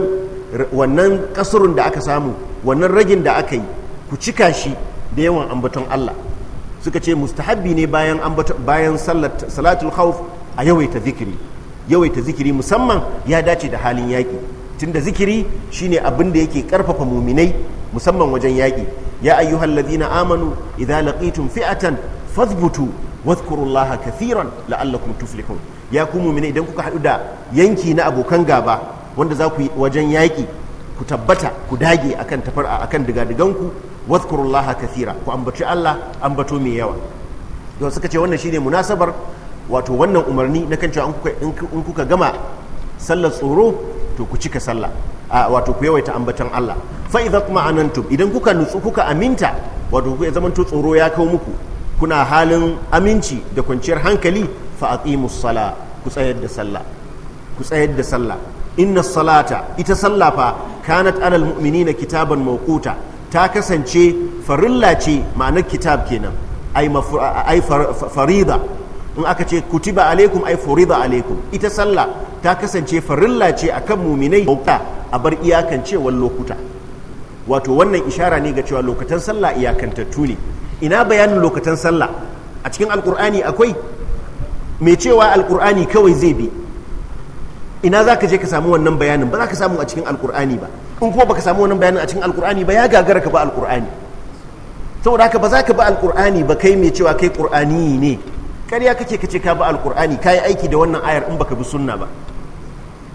wannan kasurun da aka samu wannan ragin da aka yi ku cika shi da yawan ambaton Allah suka ce mustahabbi ne bayan bayan salatul khawf a yawaita zikiri yawaita zikiri musamman ya dace da halin yaƙi tunda zikiri shine abin da yake ƙarfafa muminai musamman wajen yaƙi ya ayyuhal ladina amanu idza laqitum fi'atan fathbutu wadhkurullaha kathiran la'allakum tuflihun ya ku muminai idan kuka haɗu da yanki na abokan gaba wanda za ku yi wajen yaƙi ku tabbata ku dage akan tafar akan diga digadiganku wadhkurullaha kathira ku ambaci Allah ambato mai yawa don suka ce wannan shine munasabar wato wannan umarni na kan cewa in kuka gama sallar tsoro to ku cika sallah wato ku yawaita ambatan Allah fa idza tuma'anantum idan kuka nutsu kuka aminta wato ku zaman to tsoro ya kawo muku kuna halin aminci da kwanciyar hankali fa aqimus ku tsayar da sallah ku tsayar da sallah inna salata ita sallah fa kanat alal mu'minina kitaban mawquta ta kasance farilla ce ma'ana kitab kenan ai farida in aka ce kutiba alaikum ai farida alaikum ita sallah ta kasance farilla ce akan muminai a bar cewar lokuta wato wannan ishara ne ga cewa lokutan sallah iyakantattu ne ina bayanin lokutan sallah a cikin alkur'ani akwai mai cewa alkur'ani kawai zai bi ina za ka je ka samu wannan bayanin ba za ka samu a cikin alkur'ani ba in kuma baka samu wannan bayanin a cikin alkur'ani ba ya gagara ka ba alkur'ani saboda haka ba za ka ba alkur'ani ba kai mai cewa kai qur'ani ne karya kake kace ka ba alkur'ani kai aiki da wannan ayar in baka bi sunna ba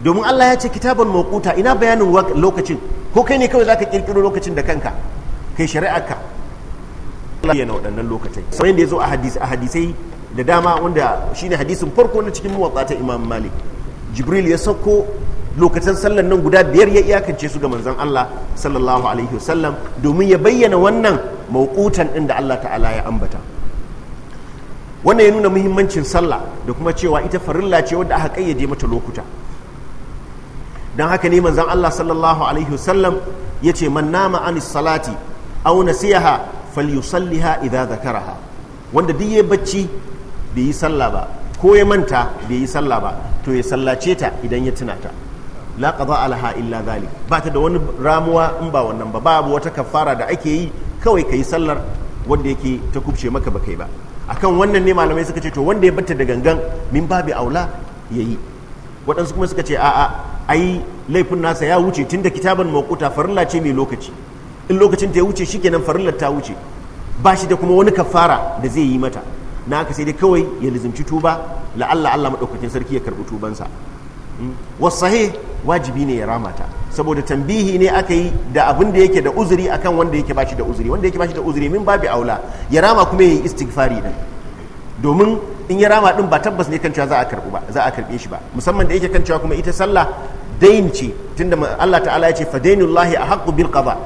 domin Allah ya ce kitaban mawquta ina bayanin lokacin ko kai ne kawai zaka kirkiro lokacin da kanka kai shari'arka Allah ya na waɗannan lokacin sai da yazo a hadisi a hadisai da dama wanda shine hadisin farko na cikin muwatta Imam Malik Jibril ya sauko. lokacin sallar nan guda biyar ya iyakance su ga manzon Allah sallallahu alaihi wasallam domin ya bayyana wannan mawqutan din da Allah ta'ala ya ambata wannan ya nuna muhimmancin sallah da kuma cewa ita farilla ce wadda aka kayyade mata lokuta don haka ne manzon Allah sallallahu alaihi wasallam ya ce man nama anis salati aw nasiyaha falyusalliha idza zakaraha wanda duk ya bacci bai yi sallah ba ko ya manta bai yi sallah ba to ya sallace ta idan ya tuna ta la alha alaha illa zali ba ta da wani ramuwa in ba wannan ba babu wata kafara da ake yi kawai kayi sallar wanda yake ta kubce maka ba kai ba akan wannan ne malamai suka ce to wanda ya batta da gangan min babi aula yayi waɗansu kuma suka ce a'a ai laifin nasa ya wuce tun tunda kitaban mawquta farilla ce mai lokaci in lokacin ta ya wuce shikenan farillar ta wuce ba shi da kuma wani kafara da zai yi mata na aka sai dai kawai ya lizimci tuba la'alla Allah madaukakin sarki ya karbi tubansa hmm? wasu sahih wajibi ne ya ramata saboda tambihi ne aka yi da abin da yake da uzuri akan wanda yake bashi da uzuri wanda yake bashi da uzuri min babu aula ya rama kuma ya yi istighfari din domin in ya rama din ba tabbas ne kan cewa za a karbu ba za a karbe shi ba musamman da yake kan cewa kuma ita sallah dain ce tunda Allah ta'ala ya ce fa dainullahi ahqqu bil qada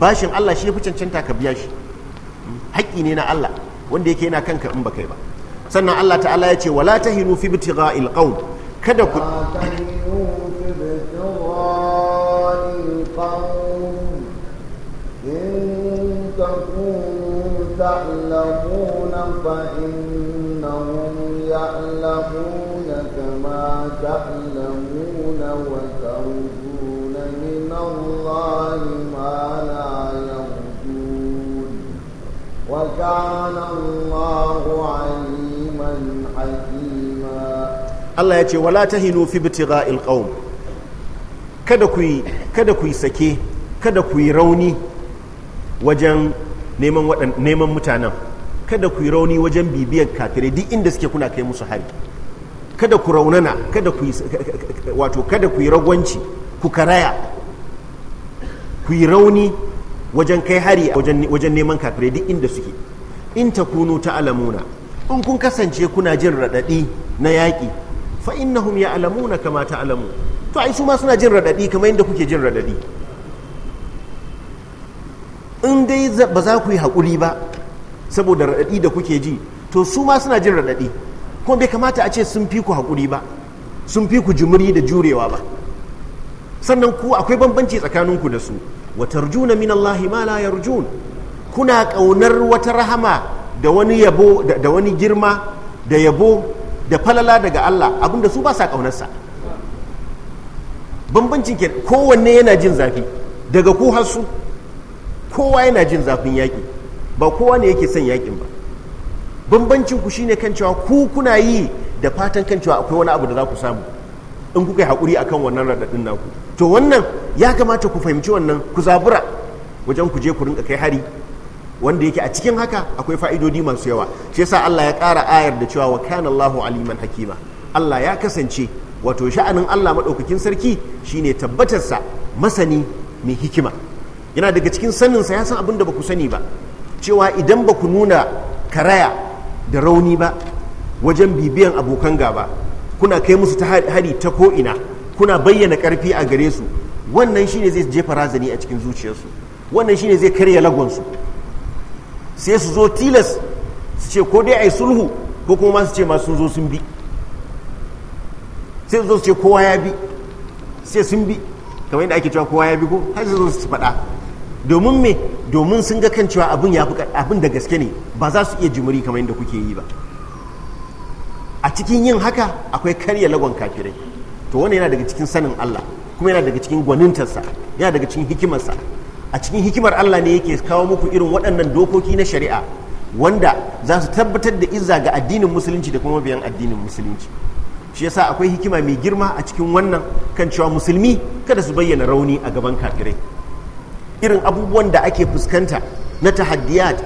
bashin Allah shi yafi cancanta ka biya shi haƙƙi ne na Allah wanda yake yana kanka in ba kai ba sannan Allah ta'ala ya ce wala tahinu fi ibtigha'il qaum kada ku يعلمون فإنهم يعلمون كما تعلمون وترجون من الله ما لا يرجون وكان الله عليما حكيما الله يقول ولا تهنوا في ابتغاء القوم kada ku yi sake kada ku yi rauni wajen neman mutanen kada ku yi rauni wajen bibiyar kafirai duk inda suke kuna kai musu hari kada ku raunana kada ku wato kada ku yi ragwanci ku karaya ku yi rauni wajen kai hari wajen neman kafirai duk inda suke in ta ta alamuna, in kun kasance kuna jin radadi na yaƙi fa innahum alamuna kama ta alamu. to ai su ma suna jin radadi kamar yadda kuke jin radadi in dai ba za ku yi haƙuri ba saboda raɗaɗi da kuke ji to su ma suna jin raɗaɗi kuma bai kamata a ce sun fi ku haƙuri ba sun fi ku jimiri da jurewa ba sannan ku akwai bambanci tsakaninku da su wa tarjuna min Allah ma la yarjun kuna ƙaunar wata rahama da wani yabo da wani girma da yabo da falala daga Allah abinda su ba sa ƙaunarsa bambancin kowanne yana jin zafi daga ku har su kowa yana jin zafin yaƙi ba kowa ne yake son yaƙin ba bambancin ku shine kan cewa ku kuna yi da fatan kan cewa akwai wani abu da za ku samu in kuka yi haƙuri kan wannan raɗaɗin naku to wannan ya kamata ku fahimci wannan ku zabura wajen ku je ku rinka kai hari wanda yake a cikin haka akwai fa'idodi masu yawa shi yasa Allah ya ƙara ayar da cewa wa kana Allahu aliman hakima Allah ya kasance wato sha'anin Allah madaukakin sarki shine tabbatarsa masani mai hikima yana daga cikin saninsa ya san abin da ba ku sani ba cewa idan ba ku nuna karaya da rauni ba wajen bibiyan abokan gaba kuna kai musu ta hari ta ko'ina kuna bayyana karfi a gare su wannan shine zai jefa razani a cikin zuciyarsu wannan shine zai karya lagonsu sai su zo tilas su ce ko dai a yi sulhu ko kuma su ce ma zo sun bi sai su zo su ce kowa ya bi sai sun bi kamar yadda ake cewa kowa ya bi ko har su zo su faɗa domin me domin sun ga kan cewa abin ya abin da gaske ne ba za su iya jimuri kamar yadda kuke yi ba a cikin yin haka akwai karya lagon kafirai to wani yana daga cikin sanin Allah kuma yana daga cikin gwanintarsa yana daga cikin hikimarsa a cikin hikimar Allah ne yake kawo muku irin waɗannan dokoki na shari'a wanda za su tabbatar da izza ga addinin musulunci da kuma mabiyan addinin musulunci shi yasa akwai hikima mai girma a cikin wannan kan cewa musulmi kada su bayyana rauni a gaban kafirai irin abubuwan da ake fuskanta na tahaddiyat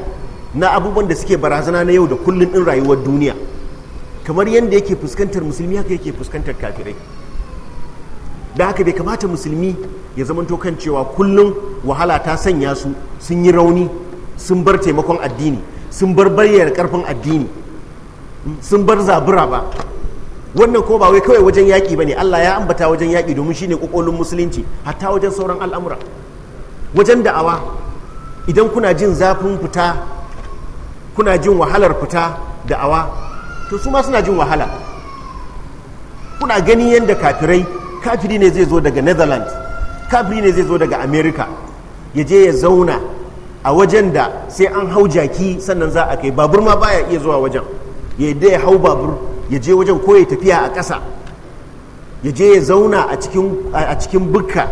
na abubuwan da suke barazana na yau da kullum din rayuwar duniya kamar yadda yake fuskantar musulmi haka yake fuskantar kafirai da haka bai kamata musulmi ya zamanto kan cewa kullum wahala ta sanya su sun yi rauni sun bar taimakon addini sun bar bayyar karfin addini sun bar zabura ba wannan ko ba wai kawai wajen yaƙi ba ne allah ya ambata wajen yaƙi domin shine ƙoƙolin musulunci hatta wajen sauran al'amura wajen da'awa idan kuna jin zafin fita kuna jin wahalar fita da'awa to su ma suna jin wahala kuna gani yadda kafirai kafiri ne zai zo daga netherlands kafiri ne zai zo daga america ya je ya zauna a wajen da sai an hau jaki sannan za a kai babur ma baya iya zuwa wajen ya yadda ya hau babur ya je wajen ko tafiya a ƙasa ya je ya zauna a cikin bukka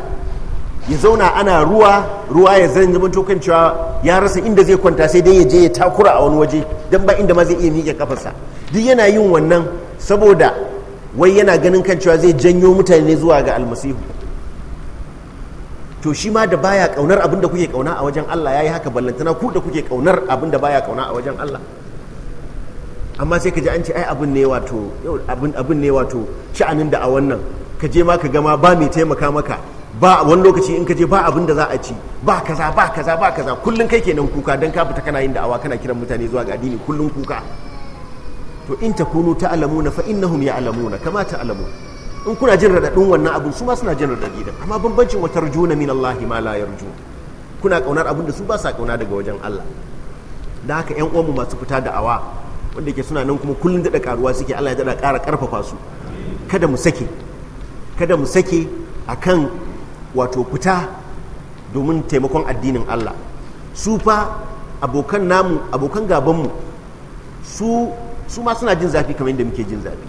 ya zauna ana ruwa ruwa ya zan zama tokan cewa ya rasa inda zai kwanta sai dai ya je ya takura a wani waje don ba inda ma zai iya miƙe kafarsa duk yana yin wannan saboda wai yana ganin kan cewa zai janyo mutane zuwa ga almasihu to shi ma da baya kaunar abin da kuke kauna a wajen Allah yayi haka ballantana ku da kuke kaunar abin da baya kauna a wajen Allah amma sai ka ji an ce ai abin ne wato abin ne wato sha'anin da a wannan ka je ma ka gama ba mai taimaka maka ba wani lokaci in ka je ba abin da za a ci ba kaza ba kaza ba kaza kullum kai kenan kuka dan ka fita kana yin da'awa kana kiran mutane zuwa ga addini kullum kuka to in ta takunu ta'lamuna fa innahum ya'lamuna kama alamu in kuna jin radadin wannan abin su ma suna jin radadi da amma bambancin wata rujuna min Allah ma la yarju kuna kaunar abin da su ba sa kauna daga wajen Allah da haka yan uwanmu masu fita da'awa wanda ke suna nan kuma kullum daɗa karuwa suke Allah ya daɗa ƙara ƙarfafa su kada mu sake kada mu sake akan wato fita domin taimakon addinin Allah su fa abokan namu abokan gabanmu su su ma suna jin zafi kamar yadda muke jin zafi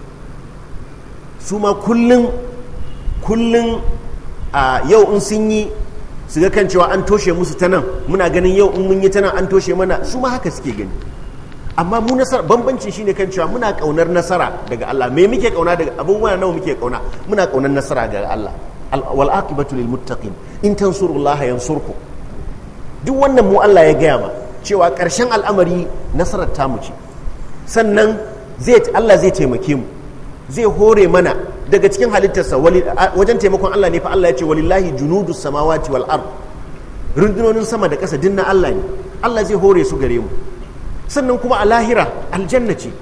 su ma kullum kullum a yau in sun yi su ga kan cewa an toshe musu ta nan muna ganin yau in mun yi ta nan an toshe mana su ma haka suke gani amma mu nasara shi shine kan cewa muna kaunar nasara daga Allah me muke kauna daga abubuwa nawa muke kauna muna kaunar nasara daga Allah wal'aƙibatu lil muttaqin in ya surku duk wannan mu Allah ya gaya ma cewa ƙarshen al'amari nasarar mu ce sannan zai Allah zai taimake mu zai hore mana daga cikin halittarsa wajen taimakon Allah ne fa Allah ya ce walillahi junudus samawati wal ard rundunonin sama da ƙasa dinna Allah ne Allah zai hore su gare mu sannan kuma a lahira aljanna ce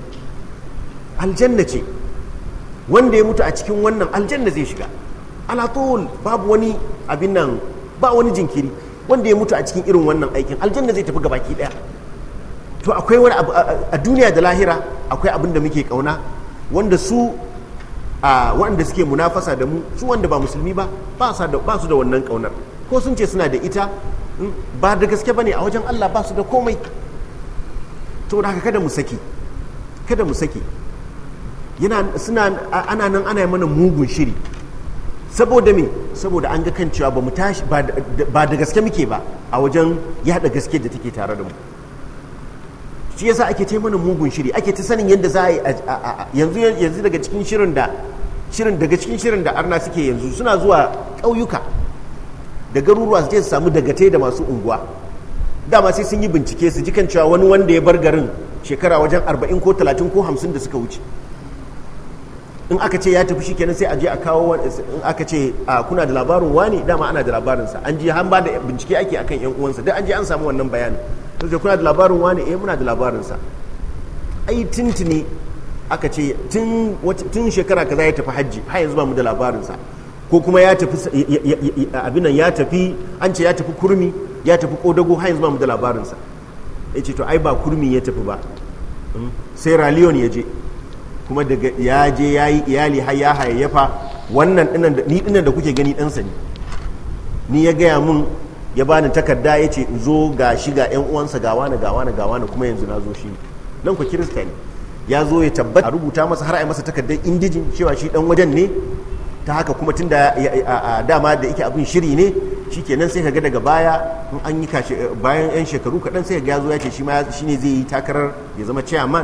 aljanna ce wanda ya mutu a cikin wannan aljanna zai shiga alatul babu wani abin nan ba wani jinkiri wanda ya mutu a cikin irin wannan aikin aljanna zai tafi gabaki daya to akwai wani a duniya da lahira akwai abin da muke kauna wanda su a wanda suke munafasa da mu su wanda ba musulmi ba ba su da wannan kaunar ko sun ce suna da ita hmm, ba da gaske bane a wajen Allah ba su da komai to da haka kada mu saki kada mu saki yana suna ana nan ana mana mugun shiri saboda me saboda an ga kan cewa ba mu tashi ba da gaske muke ba a wajen yada gaske da take tare da mu shi yasa ake ta mana mugun shiri ake ta sanin yadda za a yi yanzu yanzu daga cikin shirin da shirin daga cikin shirin da arna suke yanzu suna zuwa ƙauyuka da garuruwa su je su samu dagatai da masu unguwa dama sai sun yi bincike su ji kan cewa wani wanda ya bar garin shekara wajen 40 ko 30 ko 50 da suka wuce in aka ce ya tafi shikenan sai a je a kawo in aka ce kuna da labarin wani dama ana da labarinsa an ji an ba da bincike ake akan yan uwansa duk an je an samu wannan bayanin je kuna da labarin wani eh muna da labarinsa ai tintini aka ce tun shekara kaza ya tafi hajji har yanzu ba mu da labarinsa ko kuma ya tafi abin nan ya tafi an ce ya tafi kurmi ya tafi kodago har yanzu ba mu da labarinsa ya ce to ai ba kurmi ya tafi ba hmm? sai raliyon ya je kuma daga ya je ya yi iyali har ya hayayyafa wannan ni dinan da kuke gani ɗansa ne ni ya gaya mun ya bani takarda ya ce zo ga shi ga yan uwansa ga wani ga wani ga wani kuma yanzu na zo shi nan ku kirista ne ya zo ya tabbata a rubuta masa har a yi masa takardar indijin cewa shi dan wajen ne ta haka kuma tun da dama da yake abin shiri ne shikenan sai ka ga daga baya in an yi bayan yan shekaru kaɗan sai ka ga ya zo ya ce shi shi ne zai yi takarar ya zama chairman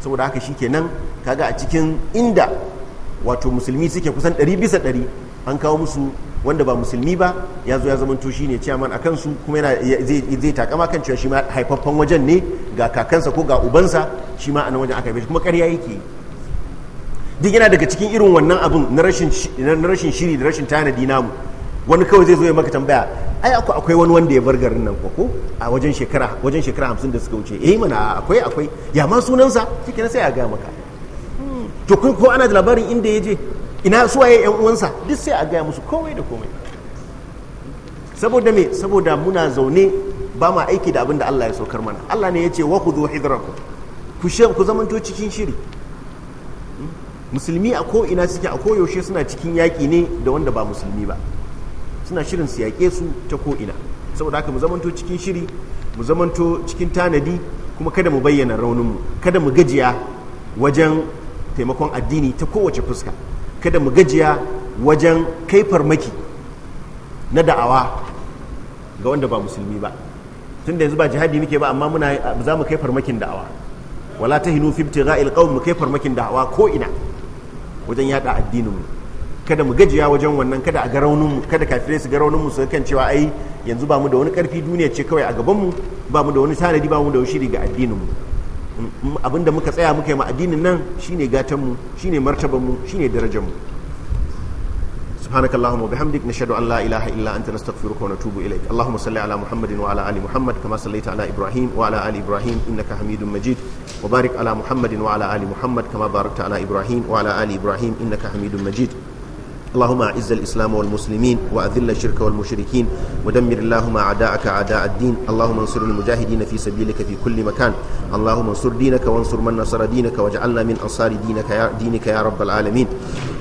saboda haka shi kenan kaga a cikin inda wato musulmi suke kusan ɗari bisa ɗari an kawo musu wanda ba musulmi ba ya zo ya zamanto shi ne ciyaman a kansu kuma yana zai takama kan cewa shi ma haifaffen wajen ne ga kakansa ko ga ubansa shi ma a wajen aka haife kuma karya yake duk yana daga cikin irin wannan abin na rashin shiri da rashin tanadi namu wani kawai zai zo ya maka tambaya ai aku akwai wani wanda ya bar garin nan ko a wajen shekara wajen shekara 50 da suka wuce eh mana akwai akwai ya ma sunansa cikin sai a ga maka to kun ko ana da labarin inda ya je ina waye yan uwansa duk sai a gaya musu komai da komai saboda me saboda muna zaune ba ma aiki da abin da Allah ya saukar mana Allah ne ya ce wa khudhu hidrakum ku she ku zamanto cikin shiri hmm? musulmi a ko ina suke a ko yaushe suna cikin yaƙi ne da wanda ba musulmi ba suna shirin su yaƙe su ta ko'ina saboda haka mu zamanto cikin shiri mu zamanto cikin tanadi kuma kada mu bayyana rauninmu kada mu gajiya wajen taimakon addini ta kowace fuska kada mu gajiya wajen kai farmaki na da'awa ga wanda ba musulmi ba tun da yanzu ba jihadi muke ba amma muna za mu kai farmakin da'awa wala ta hinu fi ibtigha'il qawm mu kai farmakin da'awa ko ina wajen yada addinin mu kada mu gajiya wajen wannan kada a ga raunin mu kada kafirai su ga raunin mu su kan cewa ai yanzu ba mu da wani karfi duniya ce kawai a gaban mu ba mu da wani tanadi ba mu da shiri ga addinin mu mm, mm, abinda muka tsaya muka yi ma addinin nan shine gatan mu shine martaban mu shine darajar mu سبحانك اللهم وبحمدك نشهد ان لا اله الا انت نستغفرك ونتوب اليك اللهم صل على محمد وعلى ال محمد كما صليت على ابراهيم وعلى ال ابراهيم انك حميد مجيد وبارك على محمد وعلى ال محمد كما باركت على ابراهيم وعلى ال ابراهيم انك حميد مجيد اللهم أعز الإسلام والمسلمين وأذل الشرك والمشركين ودمر اللهم أعداءك أعداء الدين اللهم انصر المجاهدين في سبيلك في كل مكان اللهم انصر دينك وانصر من نصر دينك واجعلنا من أنصار دينك يا, دينك يا رب العالمين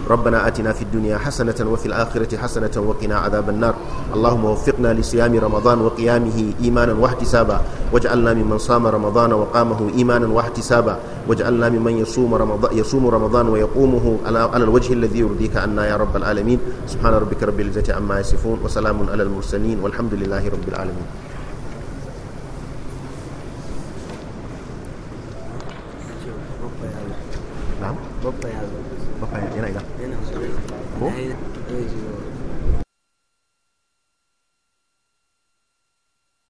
ربنا آتنا في الدنيا حسنة وفي الآخرة حسنة وقنا عذاب النار اللهم وفقنا لصيام رمضان وقيامه إيمانا واحتسابا واجعلنا ممن صام رمضان وقامه إيمانا واحتسابا واجعلنا ممن يصوم رمضان, يصوم رمضان ويقومه على الوجه الذي يرضيك عنا يا رب العالمين سبحان ربك رب العزة عما يصفون وسلام على المرسلين والحمد لله رب العالمين Opa, 哎。